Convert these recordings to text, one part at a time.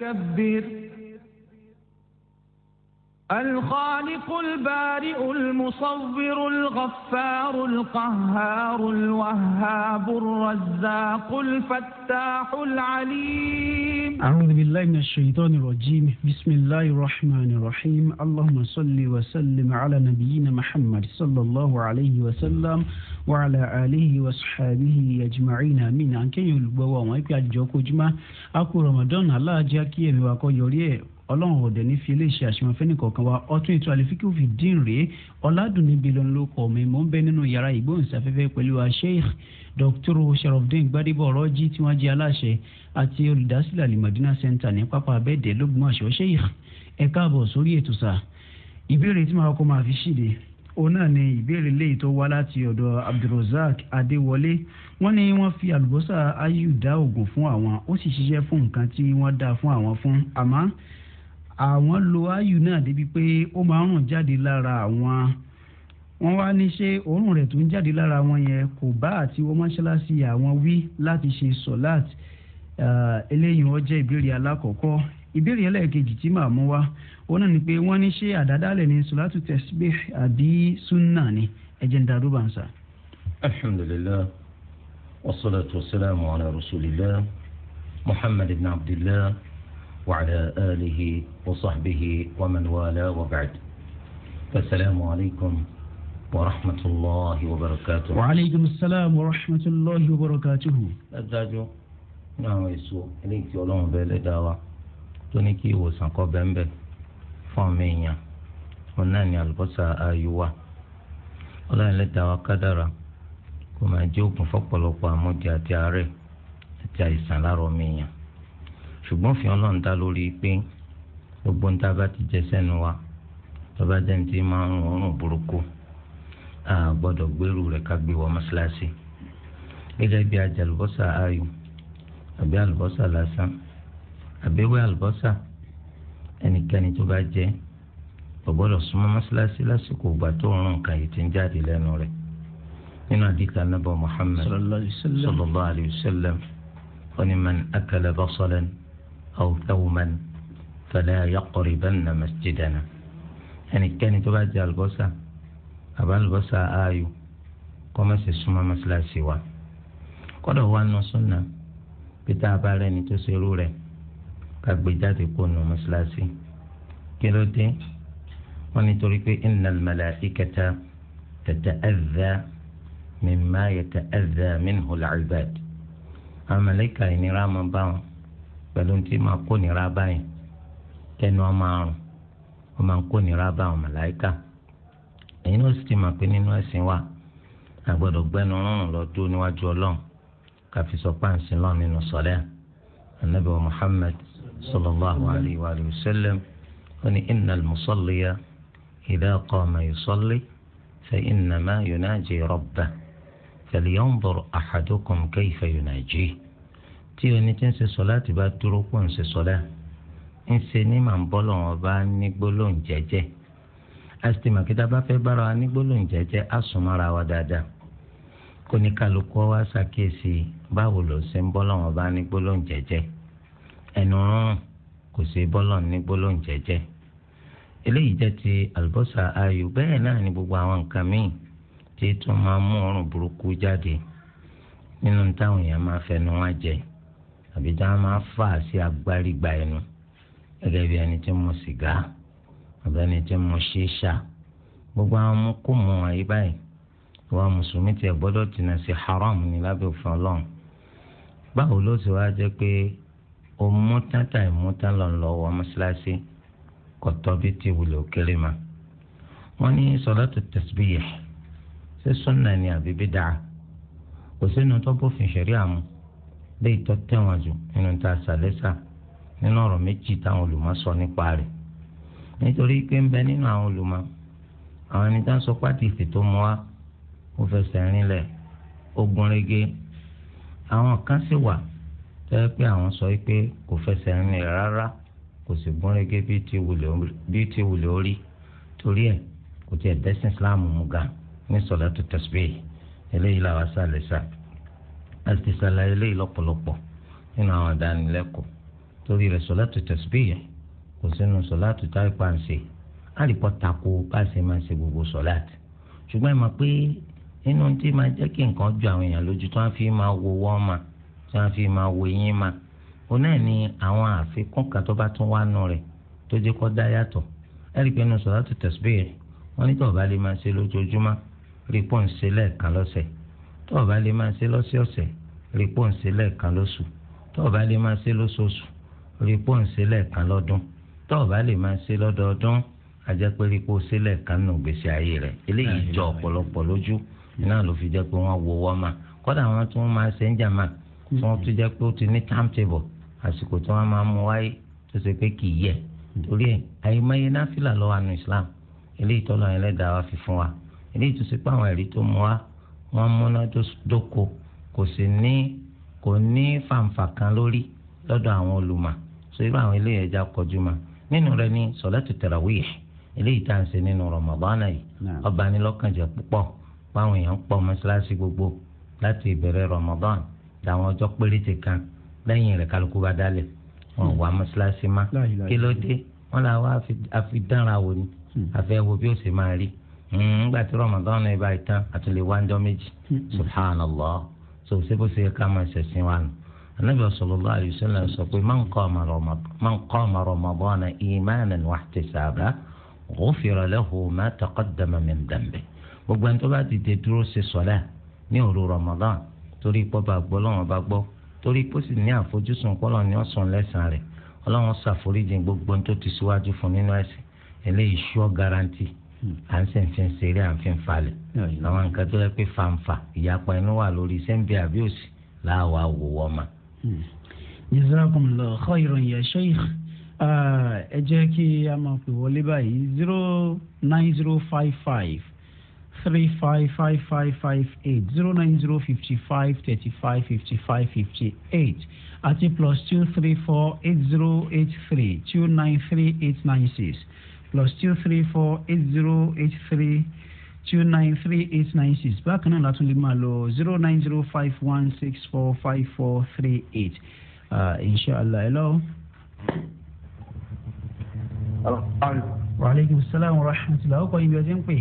كبر الخالق البارئ المصور الغفار القهار الوهاب الرزاق الفتاح العليم أعوذ بالله من الشيطان الرجيم بسم الله الرحمن الرحيم اللهم صل وسلم على نبينا محمد صلى الله عليه وسلم وعلى آله وصحابه أجمعين من أنكي البوا ويكي أجوكو جمع أكو رمضان الله جاكي بواكو يوريه ọlọ́run ọ̀dẹ ní fi iléeṣẹ́ àṣemọ́ fẹ́nìkọ̀ọ̀kan wa ọtún ètò àlefíkì òfin dín rèé ọ̀làdùnní bílọ̀n ló kọ̀ mí mò ń bẹ nínú yàrá ìgbóhùnsáfẹ́fẹ́ pẹ̀lú Sheikh Dr. Sharafdin Gbadebo Ọ̀rọ̀jì tí wọ́n jẹ́ aláṣẹ àti olùdásílẹ̀ Alimadina Center ní pápá abẹ́ẹ̀dẹ́ lógúnmọ̀ṣọ́ Sheikh ẹ káàbọ̀ sórí ètò sà ìbéèrè tí màá náà ni ìbéèrè léyìí tó wá láti ọ̀dọ̀ Abdulrozak Adéwọlé wọ́n ní wọ́n fi àlùbọ́sà ayù dá oògùn fún àwọn ó sì ṣiṣẹ́ fún nǹkan tí wọ́n dá fún àwọn fún àmọ́ àwọn lo áyù náà débi pé ó máa ń rùn jáde lára àwọn wọ́n wá ní ṣé òórùn rẹ̀ tó ń jáde lára wọn yẹn kò bá àti wọ́n mọ́ṣáláṣí àwọn wí láti ṣe sọ̀láàt eléyìí wọ́n jẹ́ ìbéèrè alákọ̀ọ́kọ́ ìbéèrè ẹlẹ́ẹ̀kejì tí màá mú wá òun náà ni pé wọ́n ní ṣé àdádálẹ̀ ní sọ̀láàtù tẹ̀síbẹ̀ àbí súnà ni ẹ̀jẹ̀ ń darúgbà ń sà. alhamdulilayi wasalaatu wasalaamu ala rasulillah muhammad ibn abdillah. وعلى آله وصحبه ومن والى وبعد السلام عليكم ورحمة الله وبركاته وعليكم السلام ورحمة الله وبركاته أدادو نعم يسوع إليك يولون بيلي داوا تونيكي وسنقو بمبه فامينيا وناني القصة آيوا ولا لداوا كدرا كما جوكم فقبلوا قاموتي أتياري أتياري سنارو مينيا ṣùgbọ́n fi ọlọ́run dá lórí pé gbogbo ń tábà ti jẹ sẹ́nu wa tọ́ba jẹ́ ní ti máa ń rún burúkú a gbọ́dọ̀ gbèrú rẹ̀ ká gbé wọ mọ́ṣáláṣí gẹ́gẹ́ bí ajá àlùbọ́sà ayò àbí àlùbọ́sà lásán àbẹ́wẹ́ àlùbọ́sà ẹnikẹ́ni tó bá jẹ́ gbọ́dọ̀ súnmọ́ mọ́ṣáláṣí lásìkò ìgbà tó rún nǹkan yìí ti ń jáde lẹ́nu rẹ̀ nínú àdìkà nàbọ̀ Muhammad sallallahu alayhi wa sallam wọn ni أو ثوما فلا يقربن مسجدنا يعني كان تباجى البوسة أبا البوسة آيو كما سيسمى مثلا سوا قد هو أنه سنة بتابع لني تسيرو لي كبجاتي كونو مثلا سي كيلو ونطرق إن الملائكة تتأذى مما يتأذى منه العباد الملائكة إن رام باهم pẹ̀lú tí máa kó nira báyìí kẹ́nu ọmọ àrùn ó máa ń kó nira bá àwọn màláìka èyí ló sì ti máa pé nínú ẹ̀sìn wa àgbọ̀dọ̀ gbẹ́nu rọrùn lọ dúró níwájú ọlọ́run káfí sọ páǹsì lọ́ọ̀ nínú sọ̀lẹ́ anabi wa muhammad sallallahu alayhi wa sallam ó ní musalliya idha qama yusalli fa innama yunaji rabbah falyanzur ahadukum kayfa yunajihi tí oní ti ń ṣe sọlá ti bá dúró pọ̀ ń ṣe sọlá ń ṣe ní màá ń bọ́ lọ́wọ́ bá ní gbólóhùn jẹ́jẹ́ asitima kíta bá fẹ́ bára wa ní gbólóhùn jẹ́jẹ́ á sùn mọ́ra wa dáadáa kó ní kálukú wa ṣàkíyèsí báwo ló ṣe ń bọ́ lọ́wọ́ bá ní gbólóhùn jẹ́jẹ́ ẹnu rún kò ṣe bọ́ lọ́wọ́ ní gbólóhùn jẹ́jẹ́ eléyìí jẹ́ ti àlùbọ́sà ayò bẹ́ẹ̀ náà ni gbogbo àwọn nǹkan míì tí tún máa mú ọrùn burúkú jáde nínú táwọn èèyàn máa fẹnu wá jẹ àbí tá a máa fà sí agbárígba ẹnu gẹ́gẹ́ bí ẹni tí ń mu sìgá àbí ẹni tí ń mu ṣíṣà gbogbo àwọn ọmọ kò mọ àyè báyìí ìwà mùsùlùmí tiẹ̀ gbọ́dọ̀ tìǹà sí haram ní lábẹ́ òfin ọlọ́run báwo ló ti wá jẹ́ pé o mú tátà ìmú tá lọ́nlọ́ wọ mọ́ṣáláṣí kò tọ́ bí ti wùlò kéré ma wọ́n ní sọ̀látù tasbih ṣé sunna ni àbí bídà kò sínú tó bófin ṣẹ̀rí àmú léyìí tó tẹ̀wọ̀n jù nínú ta sàlẹ́sà nínú ọ̀rọ̀ méjì táwọn olùmọ̀ sọ nípa rẹ̀ nítorí pé ń bẹ nínú àwọn olùmọ̀ àwọn ẹni tá ń sọ pàtì ìfètò mọ́ wa ó fẹsẹ̀ rinlẹ̀ ogun rege àwọn kan sì wà tẹ́lẹ̀ pé àwọn sọ pé kò fẹsẹ̀ rinlẹ̀ rárá ti orí torí ẹ̀ kò tiẹ̀ dẹ́sìn Islam àti sàlàyé lé lọ́pọ̀lọpọ̀ nínú àwọn àdánilẹ́kọ̀ọ́ torí rẹ̀ sọ̀látù tẹ̀síbíyà kò sínú sọ̀látù táìpà ń ṣe àlìpọ̀ tako bá ṣe máa ṣe gbogbo sọ̀látù ṣùgbọ́n ẹ mọ̀ pé nínú tí máa jẹ́ kí nǹkan ju àwọn èèyàn lójú tí wọ́n fi máa wo wọ́n mà tí wọ́n fi máa wo yín mà ó náà ní àwọn àfikún kan tó bá tún wá nù rẹ̀ tó jẹ́ kó dá yàtọ̀ ẹ rí i pé nínú sọ̀látù tẹ̀síbíyà wọ́n ní tọ́ọ̀ bá lè máa ṣe lójoojúmọ́ rí pọ́ǹsì lẹ́ẹ̀kan lọ́sẹ̀ tó o bá lè máa ṣe lọ́sọ̀ọ̀sẹ̀ rí pò ń ṣe lẹ́ẹ̀kan lóṣù tó o bá lè máa ṣe lóṣooṣù rí pò ń ṣe lẹ́ẹ̀kan lọ́dún tó o bá lè máa ṣe lọ́dọọdún àjẹpẹ́ rí pò ṣe lẹ́ẹ̀kan nù gbèsè ayé rẹ̀ eléyìí jọ ọ̀pọ̀lọpọ̀ lójú náà ló fi jẹ́ pé wọ́n wo wọ́n ma kọ́dà wọn tí máa ṣe ń jàmá tí wọ́n tún jẹ́ pé ó ti ní timetable àsìkò tí wọ́n máa mú wáyé tó ṣe pé kì í yẹ torí ẹ̀ àyèmáyé náfìlà lọ́wọ́ àánú Islam eléyìí tọ́lọ́ yẹn lẹ́dàá wa fi fún wa eléyìí tó ṣe pé àwọn ẹ̀rí tó mú wa wọ́n múnádóko kò sì ní kò ní fàǹfà kan lórí lọ́dọ̀ àwọn olùmọ̀ so irú àwọn eléyìí ẹja kọjú ma nínú rẹ̀ ní sọlátù tarawih eléyìí tá à ń ṣe nínú Ramadana yìí ó bà ní lọ́kàn jẹ́ púpọ̀ báwọn èèyàn ń pọ̀ gbogbo láti ìbẹ̀rẹ̀ Ramadan dàwọn ọjọ́ péréte kan lẹ́yìn rẹ̀ kálukú bá dálẹ̀ wọn wà mọ́ṣáláṣí má kí ló dé wọn làwọn àfi dánra wò ni àfẹ́ hmm. bí ó ṣe máa rí ńgbà hmm, tí rọmọdán náà ibà ìtàn àti lè wá ńjọ méjì hmm. subhanallah so ṣé bó ṣe yẹ ká máa ṣẹ̀sìn wa nù anabi sallallahu alayhi wa sallam sọ pé man qama ramadana imanan wa ihtisaban ghufira lahu ma taqaddama min dhanbihi gbogbo ẹni tó bá dìde dúró ṣe sọlá ní òru rọmọdán torí pọ́ bá gbọ́ lọ́wọ́n bá gbọ́ torí pọ́ sì ní àfojúsùn pọ́lọ́ ni wọ́n sùn lẹ́sàn rẹ̀ ọlọ́wọ́n ṣàforíjì gbogbo tó ti síwájú fún nínú ẹ̀sìn eléyìí ṣọ́ garanti à ń sẹ̀nsẹ̀ ṣeré à ń fi falẹ̀ àwọn nǹkan tó yẹ pé fanfa ìyapa inú wà lórí sẹ́ńbì àbí òsì láwa wò wọ́n ma. jazakumullahu khairan ya sheikh ẹ jẹ́ kí a máa pè wọlé báyìí zero nine zero five five three five five five five eight zero nine zero fifty five thirty five fifty five fifty eight àti plus two three four eight zero eight three two nine three eight nine six plus two three four eight zero eight three two nine three eight nine six bákan náà látún lè máa lọ zero nine zero five one six four five four three eight uh, inshallah hello. wa aleykum salaam wa rahmatulah ọkọ ibi ọjọ́ ń pè.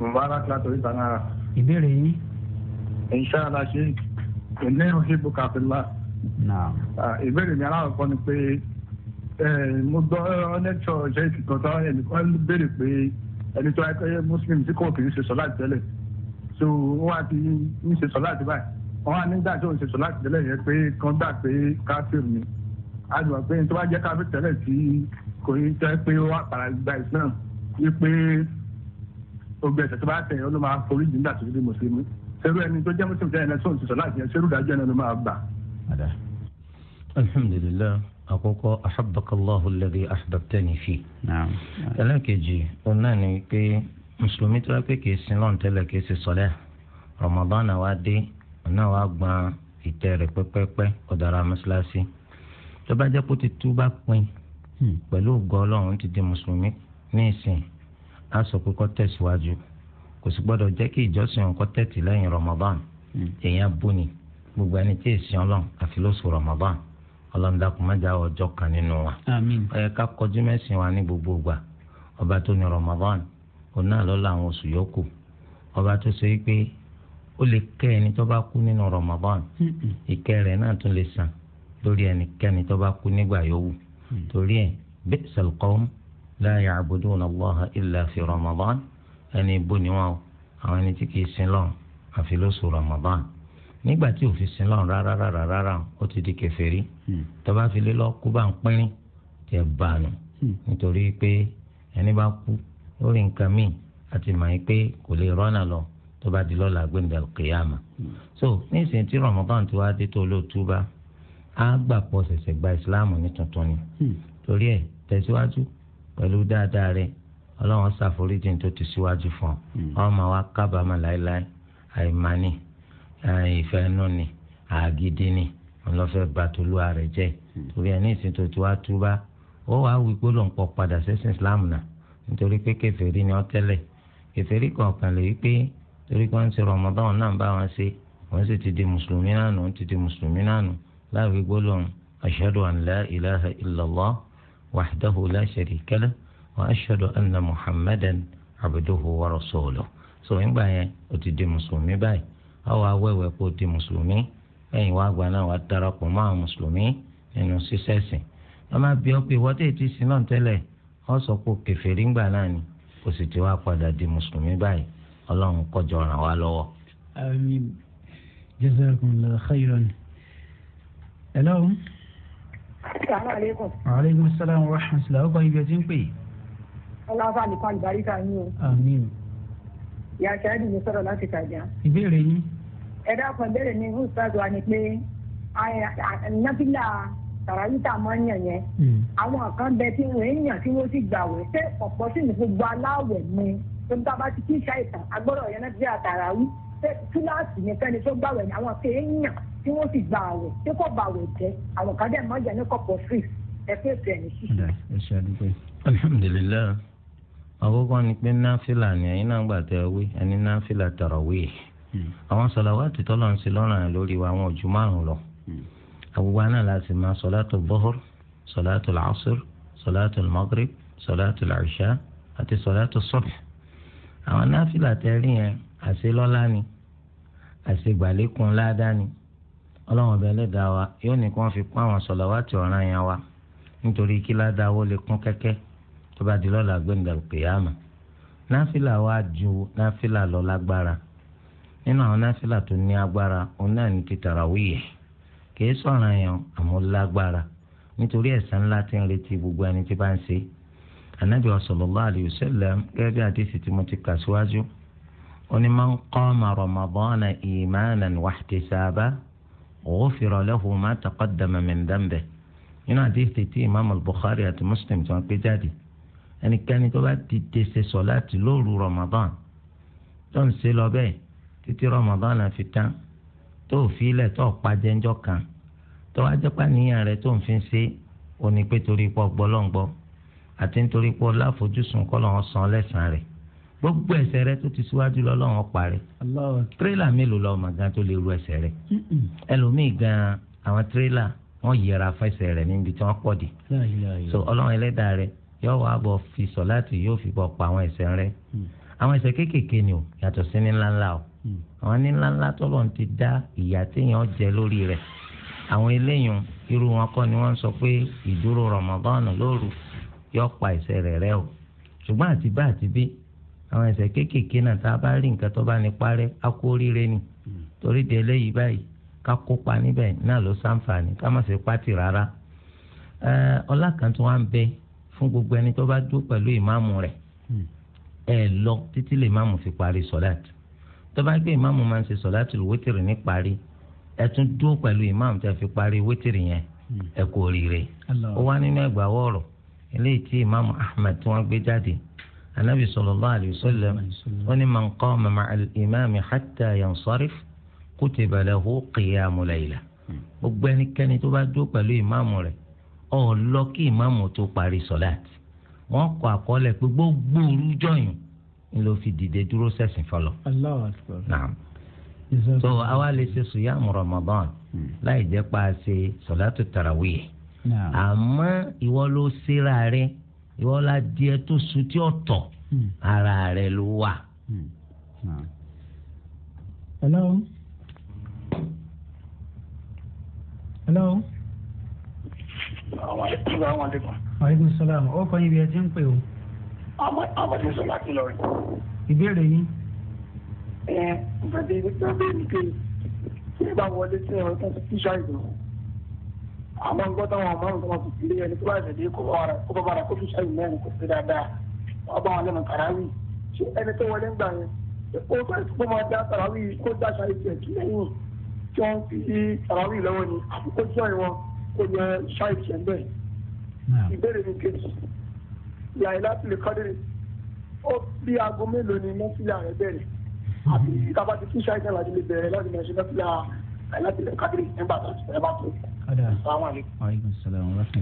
mubarak látọ̀ ìta náà. ìbéèrè yín. inshallah ṣe ìlẹ́rù ṣe bùkà fìlà. ìbéèrè mi aláwọ̀ kọ́ ni pé. Eh, mo gbọ́ lecture ọ̀jẹ́ ìkìkan tó ẹnìkan béèrè pé ẹni tó akẹ́yẹ muslim tí kò kì í ṣe sọ́láàtì tẹ́lẹ̀ so wọ́n á ti ń ṣe sọ́láàtì báyìí wọ́n á nígbà tó ń ṣe sọ́láàtì tẹ́lẹ̀ yẹn pé kan gbà pé káfíìn ni a lè wà pé tó bá jẹ́ káfíìn tẹ́lẹ̀ tí kò ní jẹ́ pé wọ́n àpàrà gba islam wípé ogun ẹ̀sẹ̀ tó bá tẹ̀ ọ́ ló máa forí jìnnà tó ti di mùsùlùmí ṣerú ẹni tó jẹ́ mùsùlùmí tẹ́lẹ̀ tó ń ṣe sọ́láàtì yẹn ṣerú dájọ́ ẹni ló máa gbà alhamdulilayi àkọ́kọ́ ahabakallahu alladhi ahbabtani fi. ẹlẹ́kejì òun náà ni pé mùsùlùmí tó wá pé kìí sin lọ́n tẹ́lẹ̀ kìí ṣe sọ́lẹ̀ Ramadan náà wá dé òun náà wá gbọ́n ìtẹ́ rẹ̀ pẹ́pẹ́pẹ́ ọ̀dàrà mọ́ṣáláṣí tó bá jẹ́ kó ti tú bá pin hmm. pẹ̀lú ògo ọlọ́run ti di mùsùlùmí ní ìsìn á sọ pé kó tẹ̀síwájú kò sì gbọ́dọ̀ jẹ́ kí ìjọsìn òun kó tẹ̀tì lẹ́yìn Ramadan hmm. èèyàn bóni gbogbo ẹni tí èsì ọlọ́run àfi lóṣù Ramadan ọlọ́mdàkùn má jáwọ́ ọjọ́ kan nínú wa. ó yẹ ká kọjú mẹ́sìn wa ní gbogbo ìgbà ọba tó ní Ramadan òun náà ló la àwọn oṣù yòókù ọba tó ṣe pé ó lè kẹ́ ẹni tó bá kú nínú Ramadan ìkẹ́ rẹ̀ náà tún lè san lórí ẹnikẹ́ni tó bá kú nígbà yòówù mm. torí ẹ̀ bi'sal qawm la ya'buduna Allaha illa fi Ramadan ẹni ibú wọn àwọn ẹni tí kì í sin lọ́n àfi lóṣù Ramadan nígbà tí òfin sin lọ́run rárá rárá rárá ó ti di kèfèrí hmm. tó bá fi lé lọ kú bá ń pínrín tẹ bá nù hmm. nítorí pé ẹni bá kú lórí nǹkan míì àti màá pé kò lè rọ́nà lọ tó di lọ́la gbẹ̀ndà kìyàmà. Hmm. so nísìnyí tí Ramadan ti wá dé tó olóòtú bá á gbà pọ̀ ṣẹ̀ṣẹ̀ gba ìsìláàmù ní tuntun ni torí ẹ̀ tẹ̀síwájú pẹ̀lú dáadáa rẹ̀ ọlọ́run ṣàforíjì tó ti síwájú fún ọ ọmọ ìfẹ́ nù ni àgídí ni ọlọ́fẹ́ batolúwa rẹ̀ jẹ́ hmm. torí ẹ̀ ní ìsìn tó ti wá túbá ó wàá wí gbólóǹpọ̀ padà sẹ́sìn Islam náà nítorí pé kèfèrí ni ọ́ tẹ́lẹ̀ kèfèrí kọ̀ọ̀kan lè wí pé torí pé wọ́n ti Ramadan náà bá wọn ṣe wọ́n sì ti di mùsùlùmí náà nù ti di mùsùlùmí náà nù láàrin gbólóhùn ashhadu an la ilaha illallah wahdahu la sharika lah wa muhammadan abduhu wa rasuluhu so ìgbà yẹn ó ti di mùsùlùmí báyìí ọwọ́ awẹ́wẹ́ kó di mùsùlùmí lẹ́yìn wá àgbà náà wà darapọ̀ mọ́ àwọn mùsùlùmí nínú sísẹ́sìn wọ́n máa bí ọ pé wọ́n tètè sí náà tẹ́lẹ̀ wọ́n sọ pé kèfèrí ńgbà náà ni kò sì ti wá padà di mùsùlùmí báyìí ọlọ́run kọjọ ràn wá lọ́wọ́. àmín jazakumullahu khairan. hello. salaamaleykum. aleykum salaam wa rahmatulah ọkọ ibi ẹtí ń pè. ọlọ́fà nìkan àlùbáríkà yín o. àmín. ìyá kẹ́hìn mi sọ̀rọ̀ láti tàjà. ìbéèrè yín ẹ dákun ìbéèrè mi fún ìfẹ́ wa ni pé nàfìlà tàràwítà máa ń yàn yẹn hmm. àwọn kan bẹ tí wọn ń yàn tí wọn sì gbà wẹ̀ ṣé ọ̀pọ̀ sí ní gbogbo aláwẹ̀ ni tó ń bá ti kí ṣàìsàn agbọ́dọ̀ yẹn náà ti àtàràwí ṣé túláàsì ní fẹ́ni tó gbàwẹ̀ ni àwọn kan ń yàn tí wọn sì gbà wẹ̀ tí kò bà wẹ̀ jẹ́ àwọn kan dẹ̀ máa yàn ní kọ̀pọ̀ sí ẹ fẹ́ fẹ́ ní ṣíṣe. alhamdulilayi ni pé náfìlà ni ẹ̀yin náà gbà tẹ̀ àwọn sọ̀làwátì tọ́lọ̀ ń ṣe lọ́rùn àyàn lórí wa àwọn ọ̀jú márùn-ún lọ. Hmm. àwùwá náà la sì máa sọ̀látò bọ́hùr sọ̀látò làásùr sọ̀látò magrib sọ̀látò làṣà àti sọ̀látò sọ̀f. àwọn náfìlà tẹ́rí yẹn àṣelọ́lá ni àṣegbàlékun ládàá ni ọlọ́run ọbẹ̀ ẹlẹ́dàá wa yóò ní kí wọ́n fi kún àwọn sọ̀làwátì ọ̀ràn yẹn wa nítorí kí ládàá lè kún kẹ́kẹ́ tó bá di lọ́la gbẹ̀ǹdà òkè yàmà náfìlà wa ju náfìlà lọ lágbára nínú àwọn náfìlà tó ní agbára òun náà ní ti tàràwíyẹ kìí sọ̀ràn yẹn àmọ́ lágbára nítorí ẹ̀san ńlá tí ń retí gbogbo ẹni tí bá ń ṣe anabi sallallahu alayhi wa sallam gẹ́gẹ́ bí àdìsí tí mo ti kà síwájú ó ní man qama ramadana imanan wahtisaba ghufira lahu ma taqaddama min dhanbihi nínú àdìsí tí imaamu bukhari àti muslim tí wọ́n pé jáde ẹnikẹ́ni tó bá ti tẹ̀sẹ̀ sọ láti lóru ramadan tó ń ṣe lọ bẹ́ẹ̀ títí rọmọdánà fi tán tó fi ilẹ̀ tó pàjẹ́ ńjọ́ kan tó wá jẹ́pá níyàn rẹ̀ tó ń fi ṣe òní pé torí pọ̀ gbọ́lọ́ngbọ́ àti nítorí pọ̀ láfojúsùn kọ́ lọ́wọ́ san lẹ́sàn-án rẹ̀ gbogbo ẹ̀ṣẹ̀ rẹ̀ tó ti síwájú lọ lọ́wọ́ parẹ́ tírélà mélòó lọ́wọ́ màgá tó lè ru ẹ̀ṣẹ̀ rẹ̀ ẹlòmíì gan àwọn tírélà wọ́n yẹra fẹsẹ̀ rẹ̀ níbi tí wọ́n pọ̀ dé so ọlọ́run ẹlẹ́dàá rẹ̀ yóò wá bọ̀ fi sọ láti yóò fi bọ̀ pa àwọn ẹ̀ṣẹ̀ rẹ̀ mm. àwọn ẹ̀ṣẹ̀ kéékèèké ni o yàtọ̀ sí ní ńláńlá o àwọn ní ńláńlá tọ́lọ̀ ti dá ìyá téèyàn jẹ lórí rẹ̀ àwọn eléyìí irú wọn kọ́ ni wọ́n sọ pé ìdúró Ramadan lóru yọ pa ẹ̀ṣẹ̀ rẹ̀ rẹ́ o ṣùgbọ́n àti bá àti bí àwọn ẹ̀ṣẹ̀ kéékèèké náà tá a bá rí nǹkan tó bá ní parẹ́ á kú oríire ni torí di eléyìí báyìí ká kópa níbẹ̀ náà ló ṣàǹfààní ká má ṣe pátì rárá ọlá kan tí wọ́n á ń bẹ fún gbogbo ẹni tó bá dúró pẹ̀lú ìmáàmù rẹ̀ ẹ lọ títí lè máàmù fi parí sọ́láàtì tó bá gbé ìmáàmù máa ń ṣe sọ̀látùl wítìrì ní parí ẹ tún dúró pẹ̀lú ìmáàmù tẹ́ fi parí wítìrì yẹn hmm. ẹ kú oríire ó wá nínú ẹgbàá wọ̀rọ̀ eléyìí tí ìmáàmù Ahmad tí wọ́n gbé jáde anabi sallallahu alayhi wa sallam ó ní man qama ma'al imami hatta yansarif kutiba lahu qiyamu layla hmm. gbogbo ẹnikẹ́ni tó bá dúró pẹ̀lú ìmáàmù rẹ̀ ó lọ kí ìmáàmù tó parí sọ̀láàtì wọ́n kọ àkọọ́lẹ̀ gbogbo òru jọ̀yún ló fi dìde dúró sẹ̀sìn fọlọ. naam so àwa lè ṣe sùyàmù Ramadan hmm. láì jẹ́ pa ṣe sọ̀látù tarawih àmọ́ ìwọ ló síra rẹ ìwọ la díẹ̀ tó sùn tí ó tọ̀ hmm. ara rẹ ló wà. Hmm. hello hello. àwọn àlejò àwọn àlejò. wàhálà ìgbésọ̀lá ó kọ́ ibi ẹ ti ń pè o ọmọ tí ń sọ láti lọ rẹ. ìbéèrè yín. ẹ ìbàdàn ìwé tí wọn bẹ mi pé tí ìgbà wọlé sí ọ̀rọ̀ tó ti tíṣà ìdò àwọn ń gbọ́ táwọn ọmọ nǹkan wọn fi lé ẹni tó bá ṣẹ̀dẹ̀ kó bá bára kó tíṣà ìdò mẹ́rin kò sí dáadáa wọn bá wọn lẹ́nu kàráwì ṣé ẹni tó wọlé ń gbà yẹn ó fẹ́ kó máa dá kàráwì kó dá ṣáà ìtì ẹ̀kí lẹ́yìn tí wọ́n fi kàráwì lọ́wọ́ ni àfikún jọ́ ìwọ̀n kó yẹ ṣáà ìtì ẹ̀ yàrá tìlẹ̀ kọ́dìrì ó bí aago mélòó ni nọ́fìlà rẹ̀ bẹ̀rẹ̀ àti tábà ti fún ṣáìsàn láti lè bẹ̀rẹ̀ láti mọ̀ ṣe nọ́fìlà yàrá tìlẹ̀ kọ́dìrì nígbà tó ṣe ẹ bá tó.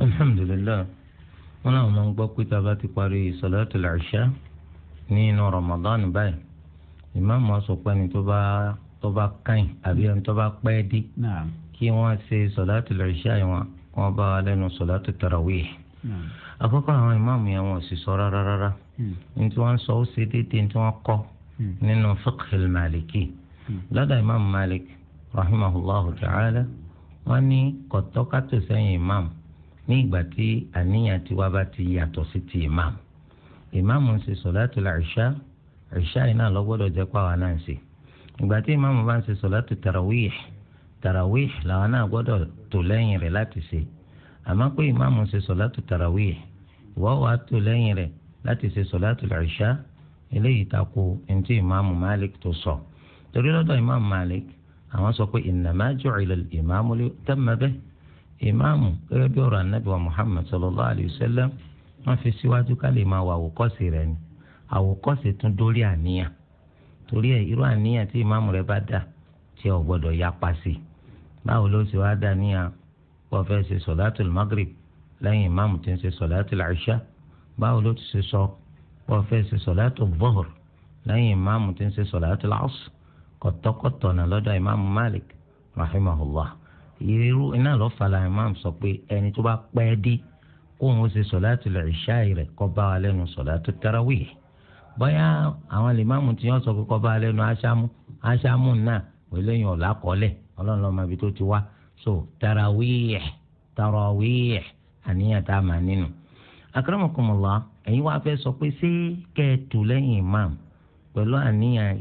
alhamdulilayi wọn náà máa ń gbọ́ pé tábà ti parí sọ̀láàtì làṣà ní inú ramadan báyìí ìmáàmù sọ pé ẹni tó bá tó bá kàn àbí ẹni tó bá pẹ́ dé kí wọ́n ṣe sọ̀láàtì làṣà yìí wọn wọ́n bá wà lẹ́nu sọ̀láàtì tarawih. Hmm. àkọ́kọ́ àwọn ìmáàmù yẹn wọn ò sì sọ rárá rárá hmm. ní tí wọ́n ń sọ ó ṣe déédéé ní wọ́n kọ́ hmm. nínú fiqhil maliki lọ́dọ̀ ìmáàmù malik rahimahullahu ta'ala wọ́n ní kọ̀tọ́kátò sẹ́yìn ìmáàmù ní ìgbà tí àníyàn tiwa bá ti yàtọ̀ sí ti ìmáàmù ìmáàmù ń ṣe sọ̀látù làṣà àṣà iná ló gbọ́dọ̀ jẹ́ pàwọn náà ń ṣe ìgbà tí ìmáàmù bá ń ṣe sọ̀látù tarawih tarawih làwọn náà gbọ́dọ̀ tò lẹ́yìn rẹ̀ láti ṣe àmọ́ pé ìmáàmù ṣe sọ̀látù tarawih ìwọ́ wàá tó lẹ́yìn rẹ̀ láti ṣe sọ̀látù ìṣá eléyìí tako ntí ìmáàmù Malik tó sọ torí lọ́dọ̀ ìmáàmù Malik àwọn sọ pé innama ju'ila al-imamu liyu'tamma bihi ìmáàmù gẹ́gẹ́ bí ọ̀rọ̀ anábì wa Muhammad sallallahu alayhi wọ́n fi síwájú ká máa wọ àwòkọ́ṣe rẹ̀ ni àwòkọ́ṣe tún dórí àníyàn torí ẹ̀ irú àníyàn tí ìmáàmù rẹ̀ bá dà tí ò yapa sí báwo ló ṣe wá dà níyàn wọ́n fẹ́ ṣe sọ̀láàtì magrib lẹ́yìn ìmáàmù tí ń ṣe sọ̀láàtì àṣà báwo ló ti ṣe sọ wọ́n fẹ́ ṣe sọ̀láàtì bọ́ọ̀r lẹ́yìn ìmáàmù tí ń ṣe sọ̀láàtì àṣ kọ̀tọ́kọ̀tọ̀ náà lọ́dọ̀ ìmáàmù malik rahimahullah irú iná lọ́ọ́ fala ìmáàmù sọ pé ẹni tó bá pẹ́ dé kóun ó ṣe sọ̀láàtì àṣà rẹ̀ kọ́ bá wa lẹ́nu sọ̀láàtì tarawih bóyá àwọn ìmáàmù tí wọ́n sọ pé kọ́ bá wa lẹ́nu aṣáàmù aṣáàmù náà wọ́n lẹ́yìn ọ̀làkọ́lẹ̀ ọlọ́run lọ́ọ́ so tarawih tarawih àníyàn tá a máa nínú. akramakumullah ẹ̀yin wá fẹ́ sọ pé ṣé kẹ́ẹ̀tù lẹ́yìn imam pẹ̀lú àníyàn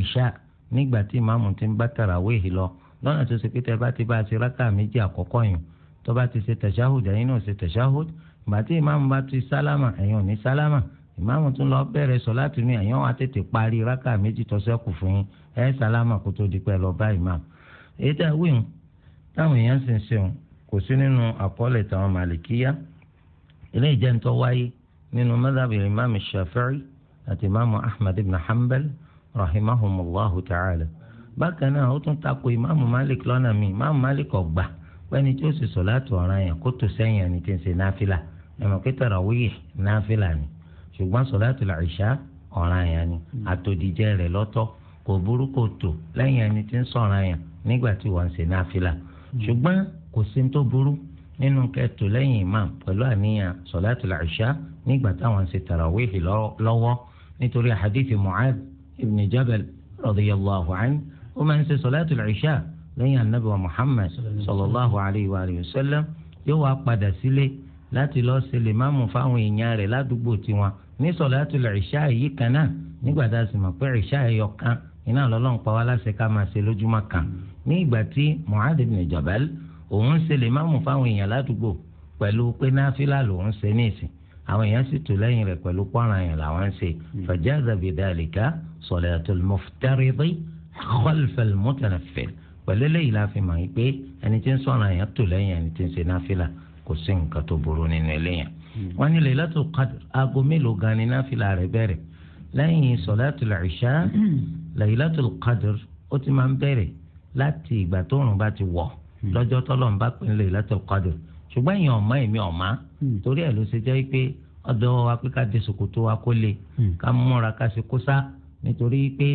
ìṣá nígbà tí ìmáàmù ti ń bá tarawih lọ lọ́nà tó ṣe pé tẹ́ bá ti bá a ṣe rákà méjì àkọ́kọ́ yìí tó bá ti ṣe tashahud ẹ̀yin náà ṣe tashahud ìgbà tí ìmáàmù bá ti sálámà ẹ̀yin ò ní sálámà ìmáàmù tún lọ bẹ̀rẹ̀ sọ láti ní ẹ̀yin wa tètè parí rákà méjì tó fún yín ẹ̀ sálámà kó tó di pẹ́ lọ bá ìmáàmù èyí tẹ́ wíwùn táwọn èèyàn sì ń ṣeun kò sí nínú àkọọ́lẹ̀ táwọn màlìkíyà eléyìí jẹ́ ń tó wáyé nínú madhab imam shafi'i àti imam ahmad ibn hanbal rahimahumullahu ta'ala bákan náà ó tún takò imam malik lọ́nà mi imam malik ọ̀gbà pẹ́ni tí ó sì sọ láti ọ̀ràn yẹn kó tó sẹ́yìn ẹni tí ń ṣe náfìlà ẹ̀mọ̀ pé tarawih náfìlà ni ṣùgbọ́n sọ̀láàtì làìṣá ọ̀ràn yẹn ni àtòdìjẹ́ rẹ̀ lọ́tọ̀ kò burú kò lẹ́yìn ẹni tí ń sọ̀ràn yẹn nígbà tí wọ́n ń ṣe náfìlà Mm-hmm. ṣùgbọ́n kò sí tó burú nínú kẹtù lẹ́yìn imam pẹ̀lú àníyàn sọ̀láàtì làṣà nígbà táwọn ṣe tàràwíhì lọ́wọ́ nítorí hadith mu'ad ibn jabal radiyallahu anhu ó máa ń ṣe sọ̀láàtì làṣà lẹ́yìn anabi wa muhammad sallallahu alayhi wa sallam yóò wá padà sílé láti lọ́ọ́ ṣe lè máàmù fáwọn èèyàn rẹ̀ ládùúgbò tiwọn ní sọ̀láàtì làṣà yìí kan náà nígbà tá a sì mọ̀ pé làṣà ẹ̀yọ̀ kan iná lọ́lọ́run pa wá láṣẹ ká máa ṣe lójúmọ́ kan ní ìgbà tí Mu'adh ibn Jabal òun ṣe lè má mú fáwọn èèyàn ládùúgbò pẹ̀lú pé náfìlà lòun ṣe ní ìsìn àwọn èèyàn sì tù lẹ́yìn rẹ̀ pẹ̀lú pọ́nrán yẹn làwọn ń ṣe hmm. fajaza bidhalika salatul muftaridi khalfal mutanaffil pẹ̀lú eléyìí la fi mọ̀ yìí pé ẹni tí ń sọ̀rọ̀ yẹn tù lẹ́yìn ẹni tí ń ṣe náfìlà kò sí nǹkan tó burú nínú eléyàn. Hmm. wọ́n ní Lailatul aago mélòó gan ni náfìlà rẹ̀ bẹ̀rẹ̀ lẹ́yìn salatul isha Laylatul Qadr ó ti máa ń bẹ̀rẹ̀ láti ìgbà tó òrùn bá ti wọ̀ hmm. lọ́jọ́ tọ́lọ́ ń bá pín Laylatul Qadr ṣùgbọ́n èèyàn ọ̀mọ́ èmi ọ̀mọ́ hmm. torí ẹ̀ ló ṣe jẹ́ pé ọ̀dọ́ wa pé ká di ṣòkòtò wa kó le hmm. ká múra ká ṣe kóṣá nítorí pé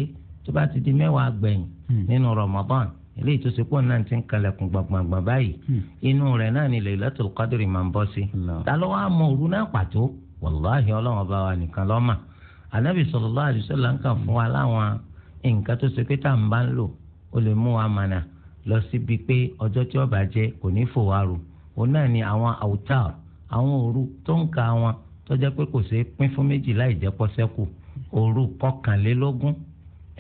tó bá ti di mẹ́wàá gbẹ̀yìn nínú Ramadan eléyìí tó ṣe pọ̀ náà ti ń kalẹ̀kùn gbàngbàngbà báyìí inú rẹ̀ náà ni Laylatul Qadr máa ń bọ́ sí ta ló wàá mọ òru náà pàtó wàláhì ọlọ́run ọba wa nìkan ló ànábì sallallahu alaihi wasallam ń fún wa láwọn nǹkan tó ṣe pé tá à ń bá ń lò ó lè mú wa mànà lọ síbi pé ọjọ́ tí ó bàjẹ́ kò ní fò wá rò òun náà ni àwọn àwùtá àwọn òru tó ń ka wọn tó jẹ́ pé kò ṣeé pín fún méjì láì jẹ́ pọ́sẹ́kù òru kọkànlélógún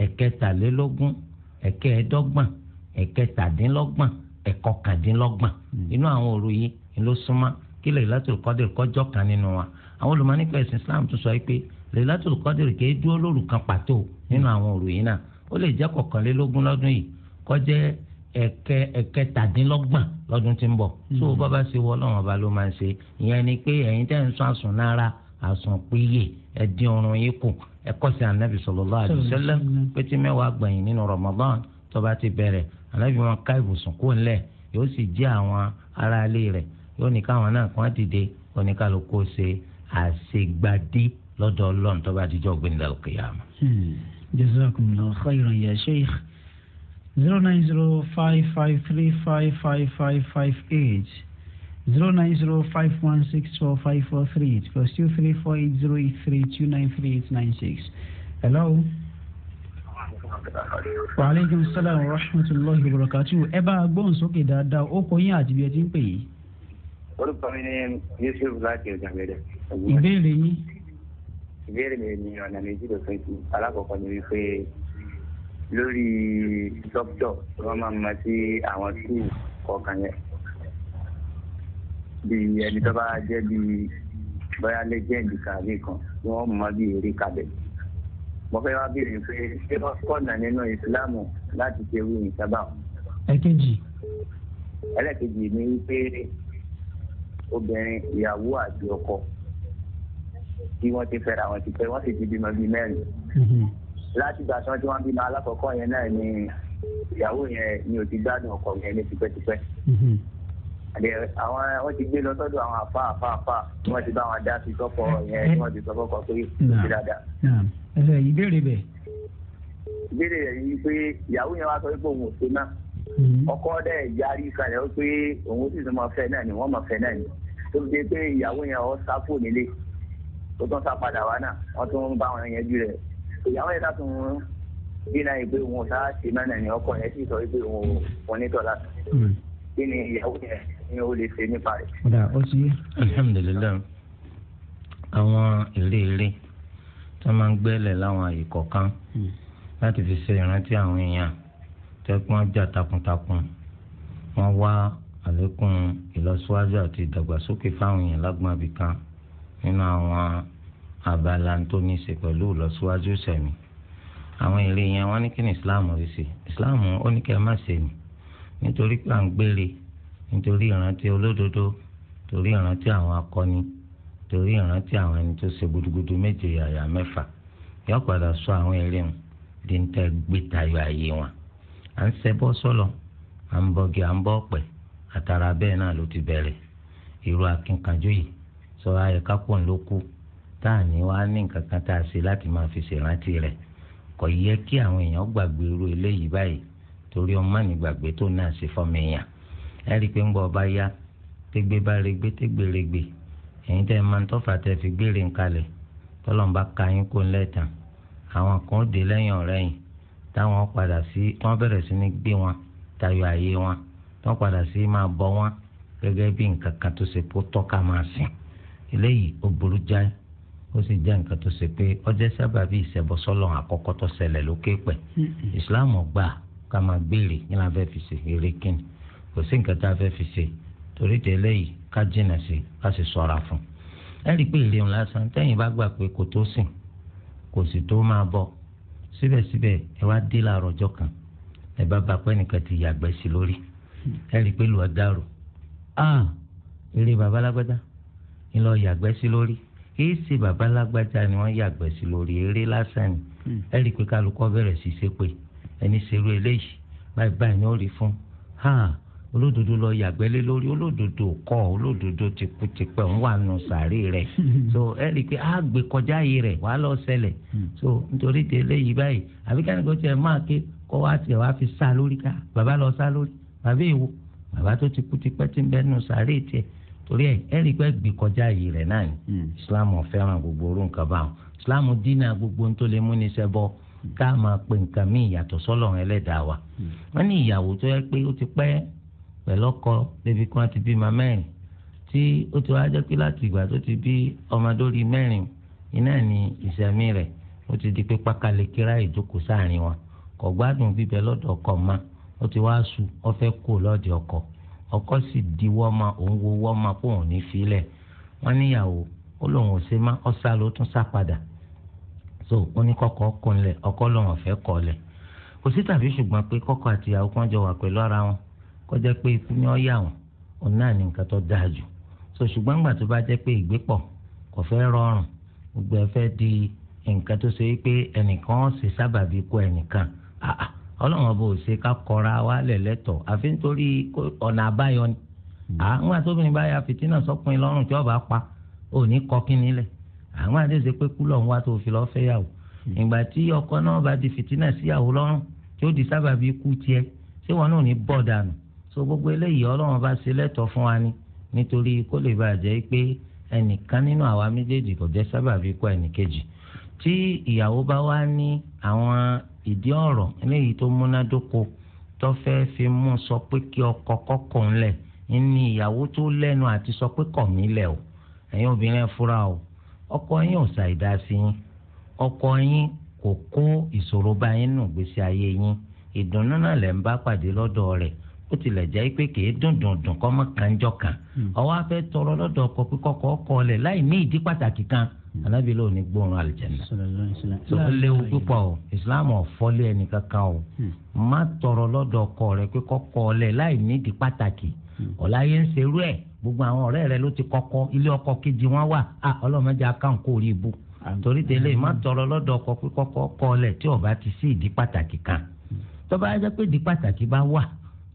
ẹ̀kẹtàlélógún ẹ̀kẹẹ̀ẹ́dọ́gbọ̀n ẹ̀kẹtàdínlọ́gbọ̀n ẹ̀kọkàndínlọ́gbọ̀n inú àwọn òru yìí ló súnmọ́ kí lè látòkọ́dẹ̀ kọjọ́ kan nínú wa àwọn olùmọ̀ nípa ẹ̀sìn Islam tún sọ pé lailatul qadr kìí dúró lóru kan pàtó nínú àwọn òru yìí náà ó lè jẹ́ kọkànlélógún lọ́dún yìí kó jẹ́ ẹ̀kẹ́ ẹ̀kẹtàdínlọ́gbọ̀n lọ́dún tí ń bọ̀ hmm. tó o bábá ṣe wọ Ọlọ́run ọba ló máa ń ṣe ìyẹn ni pé ẹ̀yin tẹ́ ń sún àsùn náírà àsùn péye ẹ̀dín ọrùn yìí kù ẹ̀kọ́ sí anabi sallallahu alaihi wasallam pé mẹ́wàá gbẹ̀yìn nínú Ramadan tó bá ti bẹ̀rẹ̀ anabi wọn ká ibùsùn kó ńlẹ̀ yóò sì jí àwọn aráalé rẹ̀ yóò ní káwọn náà kàn dìde oníkàlùkù ṣe àṣegbadé lọ́dọ̀ ọlọ́run tó bá dijọ́ gbé nílẹ̀ al-qiyamah. Hmm. jazakumullahu khairan ya sheikh zero nine zero five five three five five five five eight zero nine zero five one six four five four three eight plus two three four eight zero eight three two nine three eight nine six. hello. wa aleykum salaam wa rahmatulahi wa barakatuh ẹ bá a gbóhùn sókè dáadáa ó kọ yín àti bí ẹ ti ń pè yìí. orúkọ mi ni yusuf láti ọjà mẹrẹ. ìbéèrè yín ìbéèrè mi ni ọ̀nà méjì ló pín sí alákọ̀ọ́kọ́ ni wípé lórí dókítọ̀ tí wọ́n máa ń mọ sí àwọn tíì kọ̀ọ̀kan yẹn bíi ẹni tó bá jẹ́ bíi bóyá lẹ́jẹ̀ndì kàbí kan tí wọ́n mọ bíi eré kabẹ̀. mo fẹ́ wá béèrè pé ṣé wọ́n kọ̀nà nínú ìsìláàmù láti ṣe ewu ìsábà. ẹ̀kejì. ẹlẹ́kejì ni wípé obìnrin ìyàwó àti ọkọ tí wọ́n ti fẹ́ra wọn ti pẹ́ wọ́n sì ti bímọ bíi mẹ́rin. Mm-hmm. láti ìgbà tí wọ́n ti wá bímọ alákọ̀ọ́kọ́ yẹn náà ni ìyàwó yẹn ni ò ti gbádùn ọkọ yẹn ní tipẹ́tipẹ́. Mm-hmm. àwọn wọ́n ti gbé lọ sọ́dọ̀ àwọn àfa àfa àfa tí wọ́n ti bá wọn dá sí sọ́kọ yẹn tí wọ́n ti sọ fọ́kọ pé kò sí dáadáa. ẹsẹ̀ yìí béèrè bẹ̀. ìbéèrè rẹ̀ yìí pé ìyàwó yẹn wá sọ pé òun ò ṣe náà mm-hmm. ọkọ dẹ̀ yarí kalẹ̀ ó pé òun sì tún máa fẹ́ náà ni wọ́n máa fẹ́ náà ni tó fi dé pé ìyàwó yẹn ọ sáfò nílé tó tún sá padà wá náà wọ́n tún ń bá wọn yanjú rẹ̀ ìyàwó yẹn láti wọn bí náà yìí pé wọn ò sáà ṣe mẹ́rin ní ọkọ yẹn sì sọ pé wọn ò wọn ní tọ́lá hmm. kí ni ìyàwó yẹn ni ó lè ṣe nípa rẹ̀. ọ̀dà ó ti alhamdulilayi àwọn èrè èrè tí wọ́n máa ń gbẹ́lẹ̀ láwọn àyè kọ̀ọ̀kan hmm. láti fi ṣe ìrántí àwọn èèyàn tẹ́gbọ́n jà takuntakun wọ́n wá àlékún ìlọsíwájú àti ìdàgbàsókè fáwọn èèyàn lágbọ́n abìkan. nínú àwọn abala tó ní í ṣe pẹ̀lú ìlọsíwájú àwọn èrè yẹn wọ́n ní kí ni islam rí sí islam ó ní kí ẹ má ṣe ni nítorí pé à ń gbére nítorí ìrántí olódodo torí ìrántí àwọn akọni torí ìrántí àwọn ẹni tó ṣe gudugudu méje yàyà mẹ́fà padà sọ àwọn èrè wọn di ń gbé tayọ sọlọ à ń à ń náà ló ti bẹ̀rẹ̀ yìí sọ ayọ̀ kápọ̀ ló kú tá à ní wàá ní nǹkan kan tá láti máa fi ṣèrántí rẹ̀ kò yẹ kí àwọn èèyàn gbàgbé irú eléyìí báyìí torí ọmọ ní gbàgbé tó náà ṣe fọmọ èèyàn ẹ rí i pé ń ọba yá tégbé bá regbé tégbé regbé ẹ̀yin tẹ́ máa ń tọ́fà gbére ń kalẹ̀ tọ́lọ́mùbá ka yín kó lẹ́tàn àwọn kan ó dé lẹ́yìn ọ̀rẹ́ yìí táwọn padà sí wọ́n bẹ̀rẹ̀ sí ní gbé wọn tayọ wọn padà sí máa eléyìí ó burú jáì ó sì jẹ́ nǹkan tó ṣe pé ọjọ́ sábàbí ìṣẹbọ sọ́lọ́run àkọ́kọ́ tó ṣẹlẹ̀ lókè pẹ̀ ìsìláàmù gbà ká máa gbére kí la fẹ́ fi ṣe eré kíni kò sí nǹkan tá a fẹ́ fi ṣe torí tẹ eléyìí ká jìnà sí ká sì ṣọ́ra fún un ẹ rí i pé ìrìn lásán tẹ́yìn bá gbà pé kò tó sìn kò sì tó máa bọ̀ síbẹ̀síbẹ̀ ẹ wá dé láàárọ̀ ọjọ́ kan ẹ bá bá pẹ́ ti yàgbẹ́ sí lórí mm. ẹ rí i pé lùọ́ dàrú ah eré babalágbádá ńlọ yàgbẹ́ sí lórí kì í ṣe bàbá lágbájá ni wọ́n yàgbẹ́ sí lórí eré lásán ni hmm. ẹ rí i pé kálukọ́ bẹ̀rẹ̀ sí ṣe pé ẹni ṣerú eléyìí báyìí báyìí ni ó rí fún olódodo lọ yàgbẹ́ lé lórí olódodo kọ́ olódodo tipẹ́tipẹ́ ń wà nù sàárè rẹ̀ so ẹ rí i pé a gbé kọjá yìí rẹ̀ wàá lọ ṣẹlẹ̀ hmm. so nítorí tí eléyìí báyìí àbí kánìkan tiẹ̀ máa ké kọ́ wá tiẹ̀ wá fi sá lórí ká bàbá lọ sá lórí bàbá èwo bàbá tó ti tipẹ́ ti ń bẹ́ nù sàárè tiẹ̀ torí ẹ ẹ rí i kọjá yìí rẹ̀ náà ni hmm. islam fẹ́ràn gbogbo orú nǹkan báwọn islam dínà gbogbo tó lè mú ní ṣẹbọ hmm. ká máa pe nǹkan míì yàtọ̀ sọ́lọ́run ẹlẹ́dàá wa hmm. wọ́n ní ìyàwó tó yẹ pé ó ti pẹ́ pẹ̀lú ọkọ débi kan ti bímọ mẹ́rin tí ó ti wá jẹ́ pé láti ìgbà tó ti bí ọmọdórí mẹ́rin iná ní ìsẹ̀mí rẹ̀ ó ti di pé pákàlẹ́kẹ́rà ìjókòó sáàrin wọn kò gbádùn lọ́dọ̀ ọkọ ma ó ti wá sùn ó fẹ́ kó lọ́dọ̀ ọkọ ọkọ sì diwọ́ ma òun wo wọ́ ma kó òun ní filẹ̀ wọ́n níyàwó ó lóun ò ṣe má ọ̀sá ló tún sá padà so ó ní kọ́kọ́ kúnlẹ̀ ọkọ lòun ọ̀fẹ́ kọ́lẹ̀ kò sí tàbí ṣùgbọ́n pé kọ́kọ́ àti ìyàwó kan jọ wà pẹ̀lú ara wọn kọjá pé ikú ni ó yà wọn òun náà ní nǹkan tó dáa jù so ṣùgbọ́n gbà tó bá jẹ́ pé ìgbépọ̀ kò fẹ́ rọrùn gbogbo ẹ fẹ́ di nǹkan tó ṣe wípé ẹnìkan ṣe sábàbí kó ẹnìkan àà ọlọ́run ọba ò ṣe ká kọra wa lẹ̀lẹ́tọ̀ àfi nítorí ọ̀nà àbáyọ ni àwọn hmm. àtòbìnrin bá ya fìtínà sọ́kùnrin lọ́rùn tí ọba pa ò ní kọ́ kínní lẹ̀ àwọn àdéhùn ṣe pé kúlọ̀ ń wá tó fi lọ́ọ́ fẹ́yàwó hmm. ìgbà tí ọkọ náà bá di fìtínà síyàwó lọ́rùn tí ó di sábàbí ikú tiẹ̀ ṣé wọn náà ní bọ̀ dànù so gbogbo eléyìí ọlọ́run bá ṣe lẹ́tọ̀ fún wa ni nítorí kó lè bàa jẹ́ pé ẹnìkan nínú àwa méjèèjì kò jẹ́ sábàbí ikú ẹnìkejì tí ìyàwó bá wá ní àwọn ìdí ọ̀rọ̀ eléyìí tó múnádóko tó fẹ́ fi mú sọ pé kí ọkọ kọ́kọ́ ńlẹ̀ ní ìyàwó tó lẹ́nu àti sọ pé kọ̀ mí lẹ̀ o ẹ̀yin obìnrin fura o ọkọ yín ò ṣàìdá sí yín ọkọ yín kò kó ìṣòro bá yín nù gbèsè ayé yín ìdùnnú náà lẹ̀ ń bá pàdé lọ́dọ̀ rẹ̀ ó tilẹ̀ jẹ́ pé tọrọ lọ́dọ̀ ọkọ pé kọ́kọ́ anábì ló ní gbóòórùn àlìjẹnà tó ń léwu púpọ̀ o islam ọ̀fọ́lé ẹnì kankan o hmm. má tọrọ lọ́dọ̀ ọkọ rẹ pé kọ́kọ́ ọlẹ̀ láì nídìí pàtàkì hmm. ọ̀la yẹn ń ṣerú ẹ̀ gbogbo àwọn ọ̀rẹ́ rẹ ló ti kọ́kọ́ ilé ọkọ kejì wọn wà á ọlọ́mọdé akáǹ kó rí ibu torí tẹ́lẹ̀ má tọrọ lọ́dọ̀ ọkọ pé kọ́kọ́ ọkọ ọlẹ̀ tí ó bá ti sí ìdí pàtàkì kan hmm. tó bá jẹ́ pé ìdí pàtàkì bá wà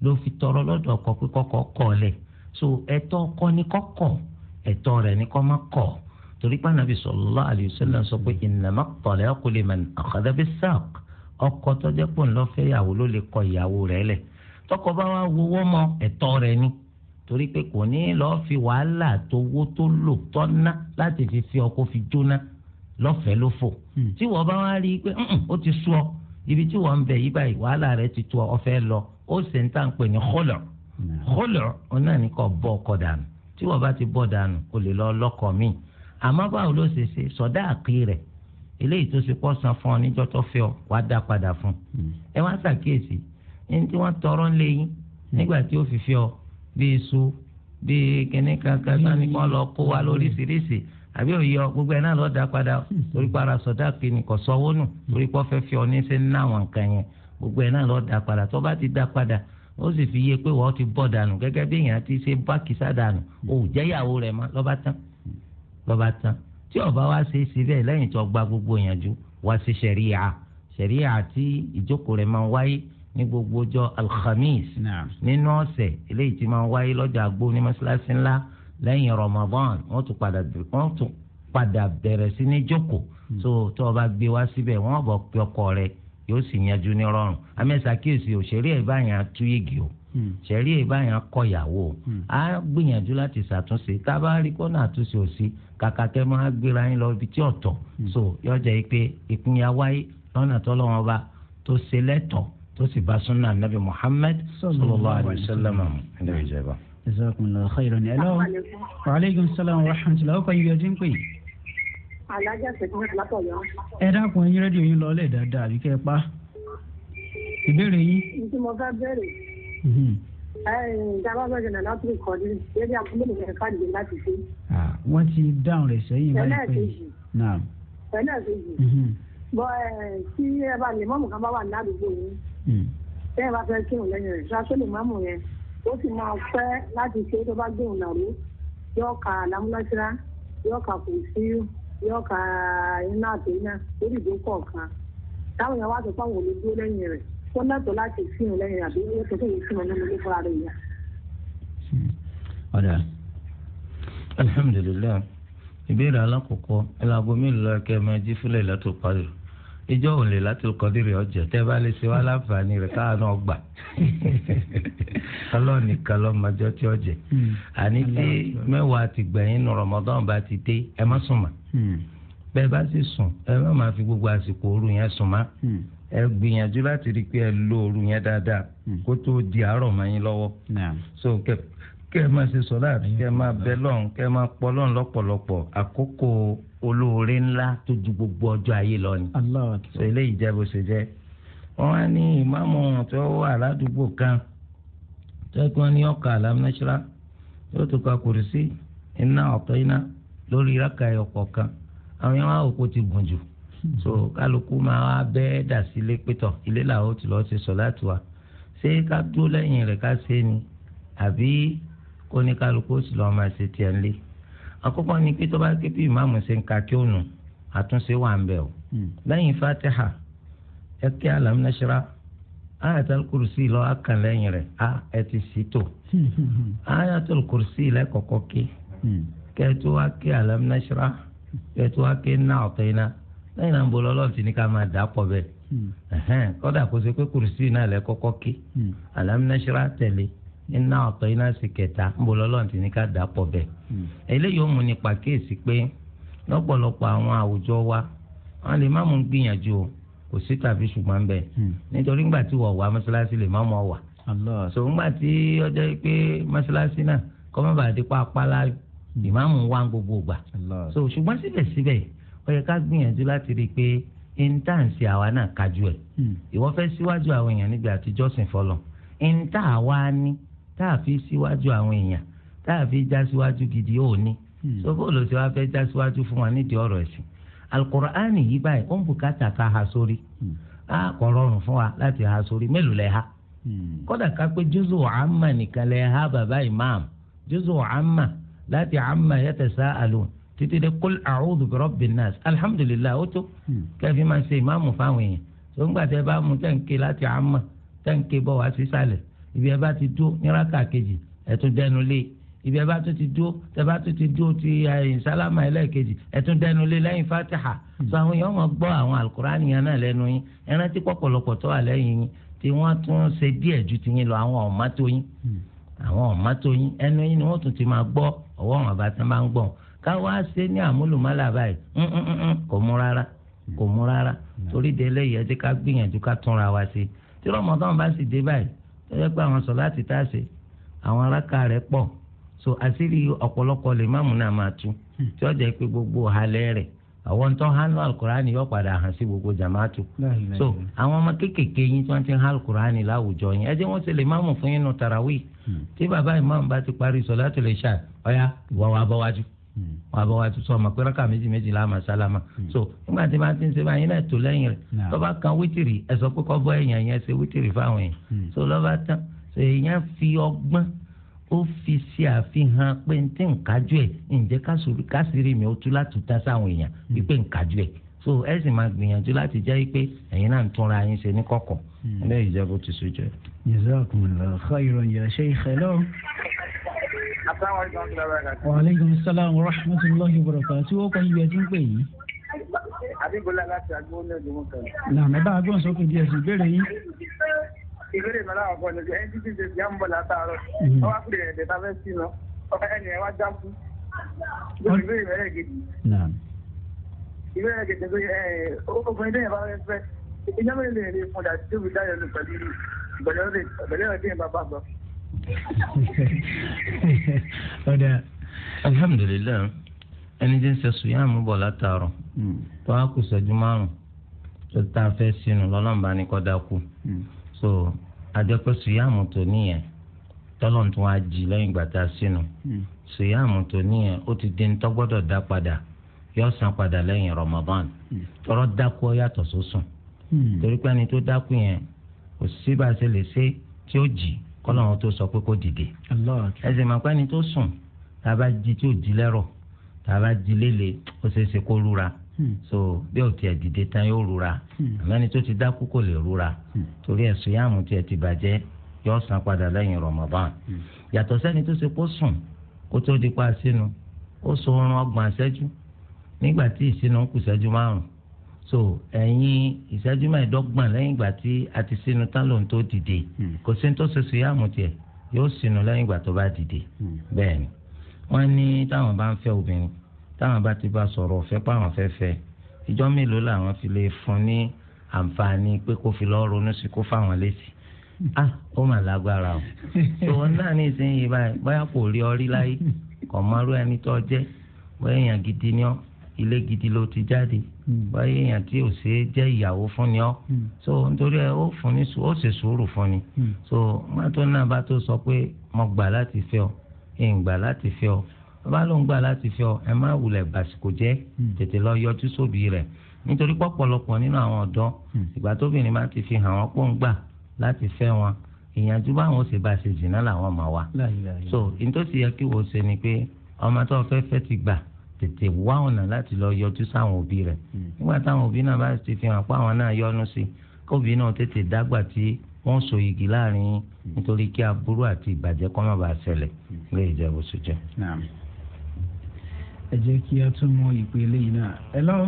ló fi tọrọ lọ́dọ̀ ọkọ pé kọ́kọ́ ọkọ ọlẹ̀ so ẹ̀tọ́ ọkọ ni kọ́kọ́ ẹ̀tọ́ rẹ̀ ni kọ́ má kọ́ torí pé anabi sallallahu alayhi wa sallam sọ pé innama at-talaqu liman akhadha bis-saq ọkọ tó jẹ́ pé ńlọ fẹ́ yàwó ló lè kọ ìyàwó rẹ̀ lẹ̀ tọkọ bá wá wọwọ́ mọ ẹ̀tọ́ rẹ̀ ni torí pé kò ní lọ́ọ́ fi wàhálà tówó tó lò tọ́ná láti fi fi ọkọ fi jóná lọ́fẹ̀ẹ́ ló fò hmm. tí wọ́n bá wá rí i pé ó ti sú ọ ibi tí wọ́n ń bẹ yí báyìí wàhálà rẹ̀ ti tó ọ lọ ó sì ń tà ń pè ní kọlọ̀ kọlọ̀ ọ náà ní kò bọ́ ọkọ dànù tí wọ́n bá ti bọ́ dànù kò lè lọ lọ́kọ míì àmọ́ báwo ló ṣe ṣe sọ̀dá àkè rẹ̀ eléyìí tó ṣe pọ̀ san fún ọ níjọ́ tó fẹ́ ọ wàá dá padà fún un hmm. ẹ wá ṣàkíyèsí ẹni tí wọ́n tọrọ ń lé yín hmm. nígbà tí ó fi fẹ́ ọ bíi iṣu bíi kankan náà ni wọ́n lọ kó wa lóríṣiríṣi àbí òye ọ gbogbo ẹ náà lọ dá padà hmm. torí pa ara sọ̀dá àkè nìkan sọ́wọ́ nù torí pọ́ fẹ́ ọ ní ṣe gbogbo ẹ náà lọ dá ti dá padà ó sì fi yé pé wọ́n ti bọ̀ dànù gẹ́gẹ́ bí ṣe dànù lọ́ba tán tí ọba wa ṣe é ṣe bẹ́ẹ̀ lẹ́yìn tó gba gbogbo ìyànjú wá sí ṣẹ̀ríà ṣẹ̀ríà tí ìjókòó rẹ̀ máa ń wáyé ní gbogbo ọjọ́ alhamis nínú ọ̀sẹ̀ eléyìí tí máa ń wáyé lọ́jà àgbo ní mọ́ṣáláṣí ńlá lẹ́yìn ramadan wọ́n tún padà wọ́n bẹ̀rẹ̀ sí ní jókòó hmm. so tó ọba gbé wá síbẹ̀ wọ́n bọ̀ pé ọkọ rẹ̀ yóò sì yanjú ní rọrùn amẹ́sàkíyèsí òṣèré ẹ̀ báyìí tú yégi o sẹ̀rí hmm. ìbáyàn kọ ìyàwó á hmm. gbìyànjú láti ṣàtúnṣe tá a bá rí kọ́nà àtúnṣe òsì kàkà kẹ́ máa gbéra yín lọ ibi tí ọ̀tọ̀ hmm. so yọjà yìí pé ìpínyà wáyé lọ́nà tọ́lọ́wọ́n bá tó ṣe lẹ́tọ̀ọ́ tó sì bá súnà nàbì Muhammad sallallahu alayhi wa sallam ẹ̀dá ìjẹba. jazakumullahu khairan ni ẹlọ wa yín lọ lẹ́ẹ̀dáadáa àbíkẹ́ pa ìbéèrè yín. ǹjẹ́ mo fẹ́ bẹ̀rẹ̀ Mm-hmm. wọ́n ti dáhùn rẹ̀ sẹ́yìn báyìí pé naam. Mm-hmm. bọ́ ẹ tí ẹ bá lè mọ́mù kan bá wà ládùúgbò yín mm. tẹ́ ẹ bá fẹ́ kí òun lẹ́yìn rẹ̀ ṣáṣẹ́ lè mọ́mù yẹn ó sì máa fẹ́ láti ṣe tó bá gbé òun nàró yóò ka lámúlásíra yóò ka kò sí yóò ka iná àti iná lórí ìdókòó kan táwọn yẹn wá sọ fáwọn olùdó lẹ́yìn rẹ̀ ó lẹ́tọ̀ọ́ láti sínú lẹ́yìn àbí ó ṣe kéèyàn sínú nínú ilé fúnra rẹ̀ yẹn. ọ̀dà alhamdulilayi ìbéèrè alákọ̀ọ́kọ́ ẹ̀làgọ́ mélòó lọ́ọ́ kẹ́ ẹ máa jí fúlẹ̀ látò parí ìjọ òun lè láti kọ́dírì ọjà tẹ́ bá lè ṣe wá láǹfààní rẹ̀ káà náà gbà ọlọ́ọ̀nì kan lọ́mọjọ́ tí ó jẹ àní tí mẹ́wàá ti gbẹ̀yìn nu Ramadan bá ti dé ẹ má sùn mà hmm. bẹ́ẹ̀ bá sì sùn ẹ má máa fi gbogbo àsìkò òru yẹn sùn mà ẹ gbìyànjú láti rí i pé ẹ lo òru yẹn dáadáa hmm. kó tó di àárọ̀ mọ́ yín lọ́wọ́ so kẹ kẹ máa ṣe sọlá kẹ máa bẹ lọ́n kẹ máa pọ̀ lọ́n lọ́pọ̀lọpọ̀ àkókò olóore ńlá tó ju gbogbo ọjọ́ ayé lọ ni so eléyìí jẹ́ bó ṣe jẹ́ wọ́n á ní ìmáàmù tó wà ládùúgbò kan tó kí wọ́n ní ọkà alámúnáṣírá yóò tó ka kùrìsì iná ọ̀tọ̀ iná lórí ìrákà ẹ̀yọ̀kọ̀ kan àwọn yẹn wá òkú ti gùn jù so kálukú máa wá bẹ́ẹ̀ dà sí ilé pétọ̀ ilé làwọn ti lọ́ọ́ ṣe sọ̀láàtì wa ṣé ká dúró lẹ́yìn rẹ̀ ká ṣe ni àbí kó ní kálukú ó sì lọ́ọ́ máa ṣe tiẹ̀ ńlẹ̀ àkọ́kọ́ ni pé tó bá ké bí ìmáàmù ṣe ń ka kí ó nù àtúnṣe wà ń bẹ̀ o hmm. lẹ́yìn fatiha ẹ kí alamnasira ayatul kursi lọ akàn lẹ́yìn rẹ̀ a ẹ ti sì tò ayatul kursi lẹ́kọ̀ọ́kọ́ ké hmm. kẹ́ẹ̀tù wá ké alamnasira kẹ́ẹ̀tù wá ké náà ọ̀tẹ̀ lẹ́yìn náà ń bọ̀ lọ́lọ́run ti ní ká máa dà pọ̀ bẹ́ẹ̀ hmm. kọ́dà kó ṣe pé kùrùsì náà lẹ kọ́kọ́ ké hmm. alámínáṣírà tẹ̀lé iná ọ̀tọ̀ iná sì kẹta ń bọ̀ lọ́lọ́run ti ní ká dà pọ̀ bẹ́ẹ̀ hmm. eléyìí ó mú ní pàkíyèsí pé lọ́pọ̀lọpọ̀ àwọn àwùjọ wa wọn lè má mú gbìyànjú o kò sí tàbí ṣùgbọ́n bẹ́ẹ̀ nítorí ńgbà tí wọ́n wà mọ́ṣáláṣí lè má mọ́ wà so ńgbà tí ọjọ́ pé mọ́ṣáláṣí náà kọ́mọ́bàdí pa apá lá so ṣùgbọ́n síbẹ̀síbẹ̀ ó yẹ ká gbìyànjú láti rí i pé intanṣe àwa náà kájú ẹ̀ hmm. ìwọ fẹ́ síwájú àwọn èèyàn níbi àtijọ́ sìn fọlọ́ ìntà àwa ni tá a fi síwájú àwọn èèyàn tá a fi já síwájú gidi ó ní sọfọ́ olùsọ wa fẹ́ já síwájú fún wa nídìí ọ̀rọ̀ ẹ̀sìn alukur'ani yìí báyìí ó ń bùkátà ká ha sórí hmm. a kò rọrùn fún wa láti ha sórí mélòó lẹ ha hmm. kódà ká pé juz'u amma nìkan lẹ ha bàbá imam juz'u amma láti amma yatasa'alun títí dé kul a'udhu bi rabbin nas alhamdulillah ó tó hmm. kẹfí máa ṣe ìmáàmù fáwọn èèyàn tó ń gbà tẹ bá mú tẹ̀ǹkì láti àmà tẹ̀ǹkì bọ̀ wá sí sàlẹ̀ ibi ẹ bá ti dúró ní rákà kejì ẹ tún dẹnu lé ibi ẹ bá tún ti dúró tẹ bá tún ti dúró ti ẹ̀yìn sálámà ẹlẹ́ẹ̀kejì ẹ tún dẹnu lé lẹ́yìn fatiha tó hmm. àwọn èèyàn máa gbọ́ àwọn alukurani yẹn náà lẹ́nu yín ẹ pọ̀pọ̀lọpọ̀ tó wà lẹ́yìn yín tí wọ́n tún ṣe díẹ̀ ju ti yín lọ àwọn ọ̀mátó yín hmm. àwọn ọ̀mátó yín ẹnu yín ni wọ́n tún ti máa gbọ́ ọwọ́ àwọn àbátan máa ń gbọ́n ká wá ṣe ní àmúlùmálà báyìí mm, mm, mm, kò mú rárá kò mú rárá torí de eléyìí ẹ jẹ́ ká gbìyànjú ká túnra wa ṣe tí Ramadan bá sì dé báyìí tó yẹ pé àwọn sọ̀láàtì tá a ṣe àwọn aráka rẹ̀ pọ̀ so àṣírí ọ̀pọ̀lọpọ̀ lè má múná máa tú hmm. tí ó jẹ́ pé gbogbo halẹ́ rẹ̀ àwọn tó hánú alukurani yóò padà hàn sí gbogbo jamaatu so àwọn ọmọ kéékèèké yín tí wọ́n ti hán alukurani láwùjọ yín ẹ jẹ́ wọ́n ṣe lè máàmù fún yín nù tarawih hmm. tí bàbá ìmáàmù bá ti parí sọ̀láàtì lè ṣá ọ̀yá ìwà wa bọ́ wájú. Hmm. wọn àbọ̀ wa ti sọ ọmọ pé rákà méjì méjì la máa sálámà hmm. so nígbà tí bá ti ń ṣe báyìí náà tó lẹ́yìn rẹ̀ lọ́ba kan wítìrì ẹ sọ pé kọ́bọ́ èèyàn yẹn ṣe wítìrì fáwọn èèyàn hmm. so lọ́ba tán so èèyàn fi ọgbọ́n ó fi ṣe àfihàn pé n tí nkájú ẹ̀ ǹjẹ́ káṣírí mi ó tú láti tán sáwọn èèyàn wípé nkájú ẹ̀ so ẹ sì máa gbìyànjú láti jẹ́ pé ẹ̀yin náà ń túnra yín ṣe ní kọ̀kọ̀ ilé ìjẹ́bù ti sùn jẹ́ waaleykum salaam wa rahmatulahi wa barakatuh tí wọ́n kọ́ ibi ẹtí ń pè yìí. àbíbọ̀lá láti àgbọ̀n ní ọdún kan. làmẹ́ bá agbọ̀n sókè díẹ̀ sí ìbéèrè yìí. ìbéèrè mi aláwọ̀ bọ̀ lójú ndc ṣe ti ń bọ̀ látàárọ̀ ọwọ́ hmm. àpèrè ẹ̀dẹ̀ tá fẹ́ sí lọ ọkọ ẹni ẹ wá já fún. lórí ìbéèrè mẹ́rẹ̀ gidi. ìbéèrè gidi pé ọkùnrin lẹ́yìn bá fẹ́ fẹ́ ìjọba ilé ìlú ìfúnjà tó fi dáyọ̀ lù pẹ̀lú ìgbẹ̀lẹ́ ọ̀dà. alhamdulilayi ẹni tí ń ṣe sùyàmù bọ̀ látàárọ̀ hmm. tó a kù sẹ́jú márùn tó tá a fẹ́ sínú lọ́lọ́mùbá ni kọ́ da kú hmm. so àjẹpẹ́ sùyàmù tó níyẹn tọ́lọ́n tó wá jí lẹ́yìn ìgbà tá a sínú hmm. sùyàmù tó níyẹn ó ti di ńtọ́ gbọ́dọ̀ dá padà yóò san padà lẹ́yìn Ramadan tọ́rọ́ dákú ọ yàtọ̀ sósùn torí pé ẹni tó dákú yẹn kò sí bá a ṣe lè ṣe tí ó jì kọ́lọ́run tó sọ pé kó dìde. ẹsẹ̀ màpá ni tó sùn tá a bá jí tí ò jí lẹ́rọ̀ tá a bá jí lélẹ̀ ó ṣeé ṣe kó rúra hmm. so bí o tiẹ̀ dìde tán yóò rúra hmm. àmọ́ ẹni tó ti dákú kò lè rúra hmm. torí ẹ̀sùn yáàmù tiẹ̀ ti bàjẹ́ yóò san padà lẹ́yìn Ramadan yàtọ̀ sẹ́ni tó ṣe kó sùn kó tó di pa sínú ó sùn oorun ọgbọ̀n ìṣẹ́jú nígbà tí ìsínú kù ìṣẹ́jú márùn-ún so ẹ̀yin ìṣẹ́jú mẹ́ẹ̀ẹ́dọ́gbọ̀n lẹ́yìn ìgbà tí a ti sínú tán lòun tó dìde hmm. kò sí ní tó ṣe sùyàmù tiẹ̀ yóò sínú lẹ́yìn ìgbà tó bá dìde hmm. bẹ́ẹ̀ ni wọ́n ní táwọn bá ń fẹ́ obìnrin táwọn bá ti bá sọ̀rọ̀ ọ̀fẹ́ páwọn fẹ́ fẹ́ ìjọ́ mélòó làwọn fi lè fún ní àǹfààní pé kó fi lọ́ọ́ ronú sí kó fáwọn létí hmm. ah ó mà lágbára o tòun náà ní ìsinyìí báyà kò rí ọ rí láyé kò mọ́rú ẹni tó jẹ́ bóyá ilé gidi ló ti jáde hmm. báyé èèyàn tí ò ṣe é ìyàwó fún ni ọ́ hmm. so nítorí ẹ ó fún ní ó ṣe sùúrù fún ni hmm. so mọ́tò náà bá tó sọ pé mo gbà láti fẹ́ ọ èèyàn gbà láti fẹ́ ọ bá ló ń gbà láti fẹ́ ọ ẹ má wulẹ̀ bàṣìkò jẹ́ tètè lọ yọjú sóbì rẹ̀ nítorí pọ̀pọ̀lọpọ̀ nínú àwọn ọ̀dọ́ ìgbà tóbìnrin máa ti fi hàn wọ́n pọ̀ ń gbà láti fẹ́ wọn ìyànjú báwọn ṣe bá ṣe jìnnà làwọn máa wà so nítòsí yẹ kí wọ́n ṣe ni pé ọmọ tó fẹ́ fẹ́ ti gbà tètè wá ọ̀nà láti lọ yọjú sáwọn òbí rẹ̀ hmm. nígbà táwọn òbí náà bá ti fi hàn pé àwọn náà yọnu sí kóbi náà tètè dágbà tí wọ́n so igi láàrin yín hmm. nítorí kí aburú àti ìbàjẹ́ kọ́ má bàa ṣẹlẹ̀ hmm. lè jẹ́ bó ṣe jẹ́. ẹ jẹ́ kí a tún mọ ìpele yìí náà. hello.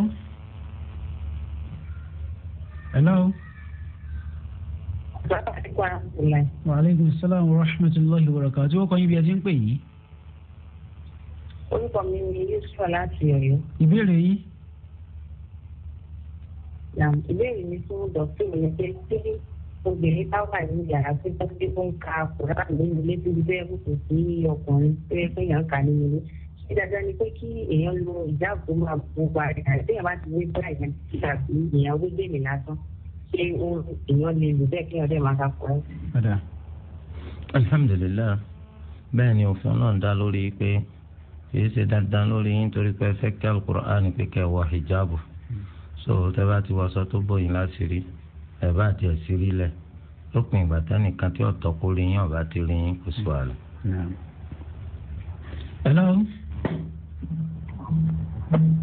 hello. wa aleykum salaam wa rahmatulahi wa barakatuh tí wọ́n kọ́ yín bí ẹ ti ń pè yín orúkọ mi ni yusuf láti Ọ̀yọ́. ìbéèrè yìí. ìbéèrè mi fún dókítà mi ni pé tí obìnrin bá wà ní yàrá pé tọ́jú ó ń ka kùrán nínú ilé tó bẹ́ẹ̀ kò kò sí ọkùnrin tó yẹ pé yàn ń kà nínú ilé ṣé dáadáa ni pé kí èèyàn lo ìjáàbò máa bu parí àti èèyàn bá ti wé bá èèyàn ti kà sí èèyàn wé bèèrè lásán ṣé èèyàn lè lò bẹ́ẹ̀ kí èèyàn máa ka kùrán. alhamdulilayi bẹ́ẹ̀ òfin náà dá lórí pé kìí ṣe dandan lórí yín torí pé ẹsẹ̀ kí alukur'an pé so tẹ́ ti wọṣọ tó bóyin láṣìírí ẹ̀ bá tiẹ̀ sírí lẹ̀ lópin ìgbà tẹ́nìkan tí ọ̀tọ̀ kó rí yín ọ̀bá ti rí yín kò sí hello.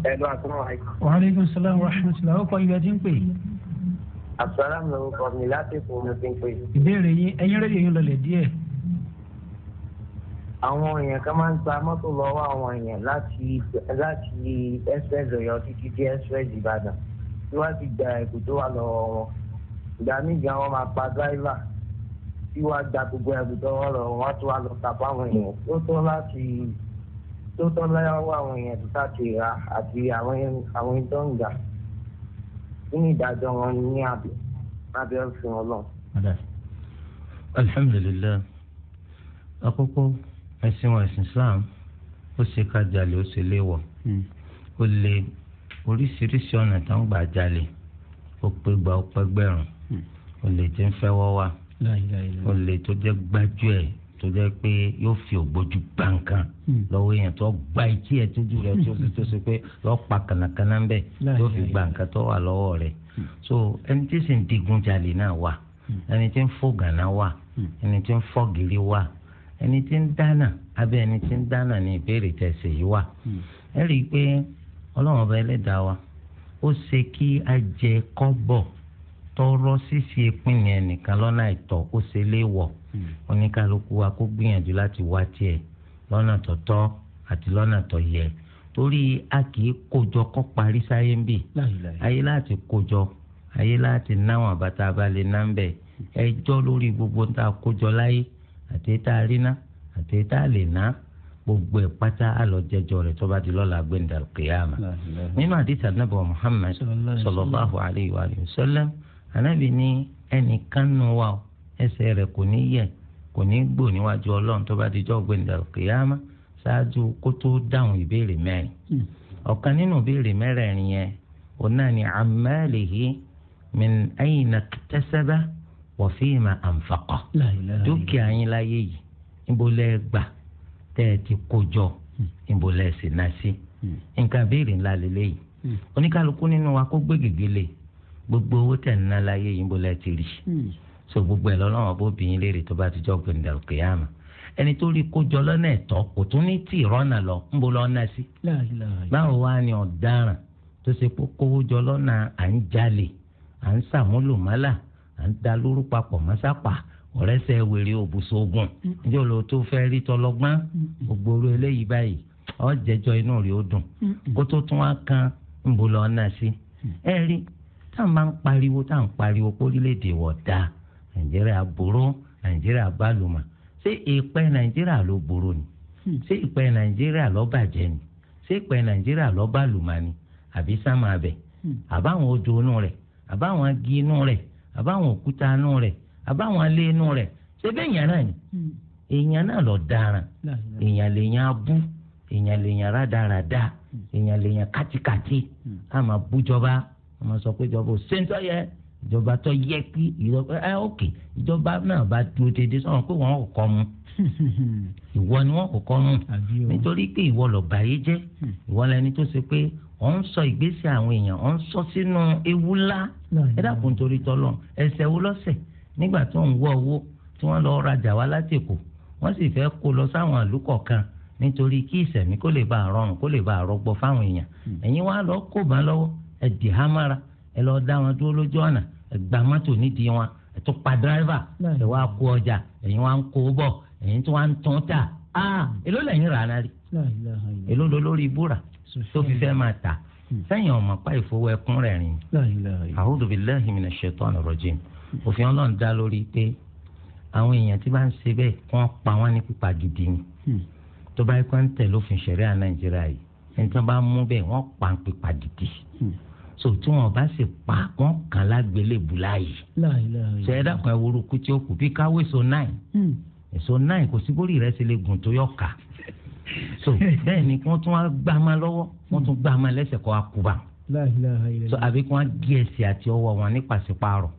hello asalaamualeykum. wa aleykum salaam wa rahmatulah ó kọ ibi ẹtí ń pè. mi láti fún mi ti ń pè. àwọn èèyàn kan máa ń gba mọ́tò lọ́wọ́ àwọn èèyàn láti láti express ọ̀yọ́ títí dé express ìbàdàn tí wọ́n ti gba ẹ̀kú tó wà lọ́wọ́ wọn ìgbà míì gan wọn máa pa dráìvà tí wọ́n gba gbogbo ẹ̀kú tó wọ́n lọ wọ́n tún wá lọ tàpá àwọn èèyàn tó tọ́ láti tó tọ́ lọ́wọ́ àwọn èèyàn tó tàkì ra àti àwọn àwọn ìdọ́ǹgà nínú ìdájọ́ wọn ní àbẹ̀ abẹ́ òfin ọlọ́run. alhamdulilayi àkọ́kọ́ ẹ̀sìn wọn ẹ̀sìn Islam ó ṣe ká jalè ó ṣe léwọ̀ hmm. ó lè oríṣiríṣi ọ̀nà tó ń gbà jalè ó pé gba ó pẹ́ gbẹ̀rún hmm. ó lè tí ń fẹ́ wọ́wà ó lè tó jẹ́ gbájú ẹ̀ tó jẹ́ pé yóò fi ògbójú gbà nǹkan hmm. lọ́wọ́ èèyàn tó gba etí ẹ̀ tójú rẹ̀ tó fi tó ṣe pé lọ́ọ́ pa kànákànná ń bẹ̀ tó fi gbà tó wà lọ́wọ́ rẹ̀ so ẹni tí sì ń digun jalè náà wà ẹni tí ń fò gànà wà ẹni tí ń fọ́ wà ẹni tí ń dáná abẹ́ ẹni tí ń dáná ní ìbéèrè tẹ̀sẹ̀ yìí wà hmm. ẹ rí i pé ọlọ́run ọba ẹlẹ́dàá wa ó ṣe kí a jẹ kọ́bọ̀ tọrọ ṣíṣe pinni ẹnìkan lọ́nà àìtọ́ ó ṣe léèwọ̀ hmm. oníkálukú wa kó gbìyànjú láti wá tiẹ̀ lọ́nà tó tọ́ àti lọ́nà tó yẹ torí a kì í kójọ kọ́ parí sáyé ń bì ayé láti kójọ ayé láti náwọn àbátá abalẹ̀ náà ń bẹ̀ ẹjọ́ lórí gbogbo tá a kójọ láyé àti tá a rí ná àti tá a lè ná gbogbo ẹ̀ pátá àlọ́jẹjọ rẹ̀ tó bá di lọ́la gbẹ̀ndà kìyàmà nínú àdìsí anábì Muhammad sallallahu alayhi wa sallam anábì ní ẹnìkan nù wa ẹsẹ̀ rẹ̀ kò ní yẹ̀ kò ní gbò níwájú ọlọ́run tó bá di jọ́ gbẹ̀ndà kìyàmà ṣáájú kó tó dáhùn ìbéèrè mẹ́rin hmm. ọ̀kan nínú ìbéèrè mẹ́rẹ̀ẹ̀rin yẹn òun náà ni amalihi min ayna wa fima anfaqa dúkìá yín láyé yìí níbo gbà tẹ́ ẹ ti kó jọ níbo sì ná sí nǹkan nínú wa kó gbé gbogbo owó tẹ̀ ń láyé yìí ti rí so gbogbo ẹ̀ lọ́lọ́wọ́n bó bìyín léèrè tó bá ti jọ gbẹ̀ndàlùkìyàmù ẹni tó rí kójọ lọ́nà ẹ̀tọ́ kò tún ní tì rọ́nà ni ọ̀daràn tó ṣe kó kówó jọ lọ́nà à ń jalè à ń sàmúlò à ń da lóru papọ̀ mọ́sápà ọ̀rẹ́ sẹ́ wèrè òbùsọ̀gùn níjọ́ ló tó fẹ́ rí tọlọ́gbọ́n gbogbo eléyìí báyìí ọ́ jẹjọ́ inú rẹ̀ ó dùn kó tó tún wá kan ń náà sí. ẹ rí táwọn máa ń pariwo táwọn ń pariwo pórílẹ̀-èdè wọ̀ nàìjíríà nàìjíríà ṣé àbáwọn òkúta inú rẹ̀ àbáwọn alé inú rẹ̀ ṣé bẹ́ẹ̀ yàn náà ni hmm. èèyàn náà lọ daran èèyàn lèèyàn abú èèyàn lèèyàn rádaràda hmm. èèyàn lèèyàn kátikáti àmọ́ hmm. bújọba àmọ́ sọ pé ìjọba ò séńtọ́ yẹ ìjọba tó yẹ kí ìjọba ẹ òkè ìjọba náà bá dúró déédéé sọ̀rọ̀ pé wọ́n kọ́ mu ìwọ ni wọ́n kọ́kọ́ mu nítorí pé ìwọ lọ bàyé jẹ́ ìwọ lẹni tó ṣe pé ọ̀ ń sọ ìgbésí àwọn èèyàn ọ̀ ń sọ sínú ewu ńlá ẹ dákun torí tọ́lọ̀ ẹsẹ̀ wo lọ́sẹ̀ nígbà tó ń wọ owó tí wọ́n lọ rajà wá láti Èkó wọ́n sì fẹ́ kó lọ sáwọn àlùkọ̀ kan nítorí kí ìsẹ̀mí kó lè bá a rọrùn kó lè bá a rọgbọ fáwọn èèyàn hmm. ẹ̀yin wá lọ kó bá lọ́wọ́ ẹ dì há mára ẹ lọ dá wọn dúró lójú ọ̀nà ẹ gbà mọ́tò nídìí wọn ẹ tún pa dírẹ́fà ẹ wá kó ọjà ẹ̀yin wá ń kó tó fi fẹ́ máa tà hmm. sẹ́yìn ọmọ pa ìfowó ẹkún rẹ̀ rìn a'udhu billahi minash shaitanir rajim òfin ọlọ́run dá lórí pé àwọn èèyàn tí bá ń ṣe bẹ́ẹ̀ wọ́n pa wọ́n ní pípa gidi ni hmm. tó bá kọ́ ń tẹ̀ lófin ṣẹ̀ríà nàìjíríà yìí ẹni tí wọ́n bá mú bẹ́ẹ̀ wọ́n pa ń pípa gidi hmm. so tí wọ́n bá sì pa wọ́n kàn lágbélébù láàyè ṣe é dàpọ̀ ẹ̀wòrúkú tí ó kù bí káwé so náì so náì kò sí bórí rẹ̀ lè gùn tó yọ̀ ká so bẹ́ẹ̀ ni wọ́n tún wá gbá ma lọ́wọ́ wọ́n tún gbá ma lẹ́sẹ̀ kọ́ akuba so àbí kí wọ́n gé ẹsẹ̀ àti ọwọ́ wọn ní pàṣípààrọ̀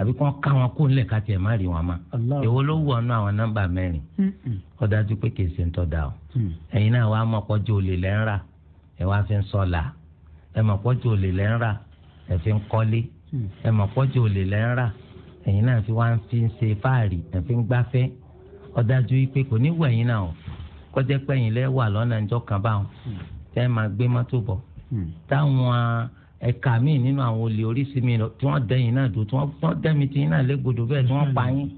àbí kí wọ́n ká wọn kó nílẹ̀ káti ẹ̀ má rí wọn ma èwo ló wù ọ́nà àwọn nọ́mbà mẹ́rin ó dájú pé kì í ṣe ń tọ́ da o mm. ẹ̀yin náà wàá mọ̀ pọ́jú olè lẹ́ ń rà ẹ̀ wá fi ń sọ̀la ẹ̀ mọ̀ pọ́jú olè lẹ́ ń rà ẹ̀ fi ń kọ́lé mm. ẹ̀ mọ̀ pọ́jú olè lẹ́ ẹ̀yin náà fi wá ń fi ń ṣe fáàrí ẹ̀ fi ń gbáfẹ́ ó dájú pé kò ní wù ẹ̀yin náà kọjá pẹ́yìn lẹ́ wà lọ́nà ìjọ kan báwọn hmm. tẹ́ máa gbé mọ́tò bọ̀ hmm. táwọn ẹ̀ka míì nínú àwọn olè oríṣi mi tí wọ́n dẹ́yìn náà dùn tí wọ́n dẹ́mi tí yín náà légbodò bẹ́ẹ̀ tí wọ́n pa yín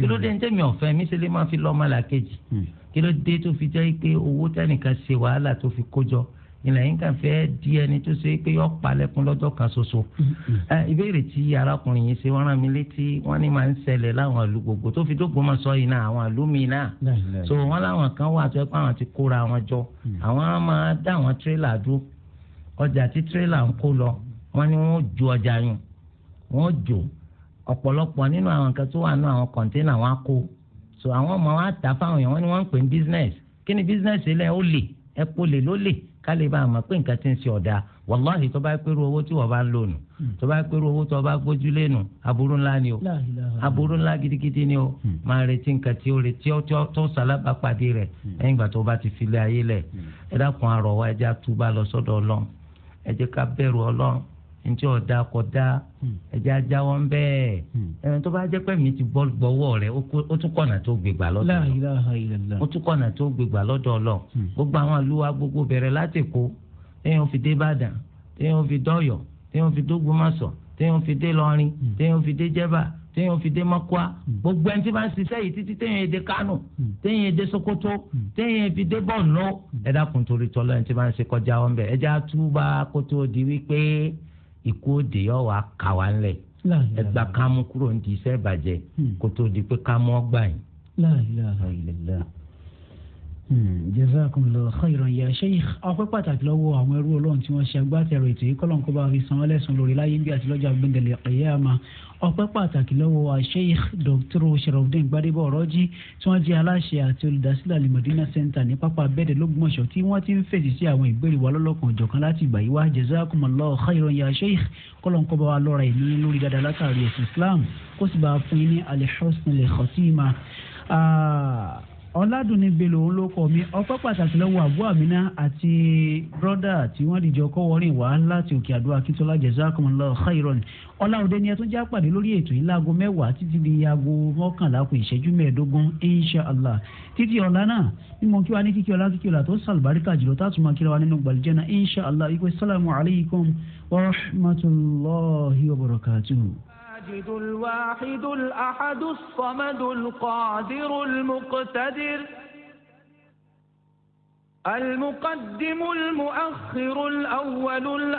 kí ló dé ní tẹ́mi ọ̀fẹ́ mi ṣe lè máa fi lọ́ọ́ mọ́lá kejì hmm. kí ló dé tó fi jẹ́ pé owó tẹ́nìkan ṣe wàhálà tó fi kó jọ ilẹ̀ yín kàn fẹ́ di ẹni tó ṣe pé yọ palẹ̀kùn lọ́jọ́ kan ṣoṣo. Mm-hmm. ìbéèrè tí arákùnrin yìí ṣe wọ́n rán mi létí wọ́n ní máa ń ṣẹlẹ̀ láwọn ìlú gbogbo tó fi dógbò máa sọ yìí náà àwọn ìlú mi náà. so wọ́n láwọn kan wà tó yẹ pé àwọn ti kóra wọn jọ mm. àwọn máa dá àwọn tírélà dúró ọjà tí tírélà ń kó lọ wọ́n ní wọ́n ju ọjà yùn wọ́n jò ọ̀pọ̀lọpọ̀ nínú àwọn kan tó wà nínú àwọn kọ̀ńténà wọn á kó so àwọn ọmọ wa tà fáwọn business kí business ilẹ̀ ó lè kálí bá a mọ̀ pé nǹkan ti ń ṣe ọ̀dà wàláhì tó bá pẹ́rù owó tí wọ́n bá ń lò nù hmm. tó bá pẹ́rù owó tó bá gbójú lé nù aburú ńlá ni o aburú ńlá gidigidi ni o hmm. máa retí nǹkan tí o retí tó sálábà pàdé rẹ̀ hmm. ẹ̀yìn ìgbà tó bá ti filẹ̀ ayé lẹ̀ ẹ dákun àrọ̀ wa ẹ àtúbà lọ sọ́dọ̀ ọlọ́run ẹ ká bẹ̀rù ọlọ́run ntí ọ̀dà kọ̀dà hmm. ẹ̀jẹ̀ ajáwọ́ ń bẹ́ẹ̀ hmm. ẹ̀rọ tó bá jẹ́ pé mi ti gbọ́wọ́ rẹ̀ ó tún kọ̀nà tó gbégbà lọ́dọ̀ ọlọ́ ó tún kọ̀nà tó gbégbà lọ́dọ̀ ọlọ́ hmm. gbogbo àwọn àlùwà gbogbo bẹ̀rẹ̀ láti kó téèyàn fi dé Ìbàdàn téèyàn fi dọ́yọ̀ téèyàn fi dógbómọ̀ṣọ́ téèyàn fi dé lọ́rin téèyàn fi dé jẹ́bà téèyàn fi dé mọ́kúá gbogbo ẹni tí bá ń ṣiṣẹ́ yìí títí téèyàn èdè Kánò téèyàn èdè Sokoto téèyàn fi dé Borno ẹ̀dá kùn torí tọ́lọ́ ẹni tí bá ń ṣe kọjá wọn bẹ̀ túbà kótó di wípé ikú òde yọ wá kà wá ńlẹ̀ ẹgbà kámú kúrò ní ti iṣẹ́ ìbàjẹ́ hmm. kó tó di pé kámú ọgbà yìí. la ilaha illallah hmm. jazakumullahu khairan ya sheikh ọpẹ́ pàtàkì lọ́wọ́ àwọn ẹrú Ọlọ́run tí wọ́n ṣe agbátẹrù ètò yìí kọlọǹkọba fi san ọlẹsùn lórí láyé bí àtìlọjà gbẹndẹlẹ ẹyẹ àmà ọpẹ́ pàtàkì lọ́wọ́ sheikh dr sharafdin gbadebo ọ̀rọ́jì tí wọ́n jẹ́ aláṣẹ àti olùdásílẹ̀ alimọ̀dínà center ní pápá abẹ́ẹ̀dẹ̀ lọ́gbọ̀nsọ̀ tí wọ́n ti ń fèsì sí àwọn ìbéèrè wa lọ́lọ́kan ọ̀jọ̀kan láti ìgbà yìí wá jazakumullahu khairan ya sheikh kọ́lọ́nkọ́ bá wa lọ́ra ìlú lórí dáadáa látàrí ẹ̀sìn islam kó sì bá a fún yín ní alẹ́ ọ̀làdùnní belò ń lókọ mi ọpẹ́ pàtàkì lọ́wọ́ àbú àmínà àti brọ́dà tí wọ́n dìjọ kọ́ wọ́rin wá láti òkè àdó akíntola jazakumullahu khairan ọ̀làwọ̀dẹ ni ẹ tún já pàdé lórí ètò yìí láago mẹ́wàá títí di aago mọ́kànlá kù ìṣẹ́jú mẹ́ẹ̀ẹ́dógún inshàlá títí ọ̀la náà bí mo kí wa ní kíkí ọ̀la kíkí ọ̀la tó sàlùbáríkà jùlọ tá a tún máa kíra wa nínú gbàlejò náà inshàlá ikú assalamu alaikum wa rahmatullahi wa barakatuhu. الواجد الواحد الأحد الصمد القادر المقتدر المقدم المؤخر الأول الآخر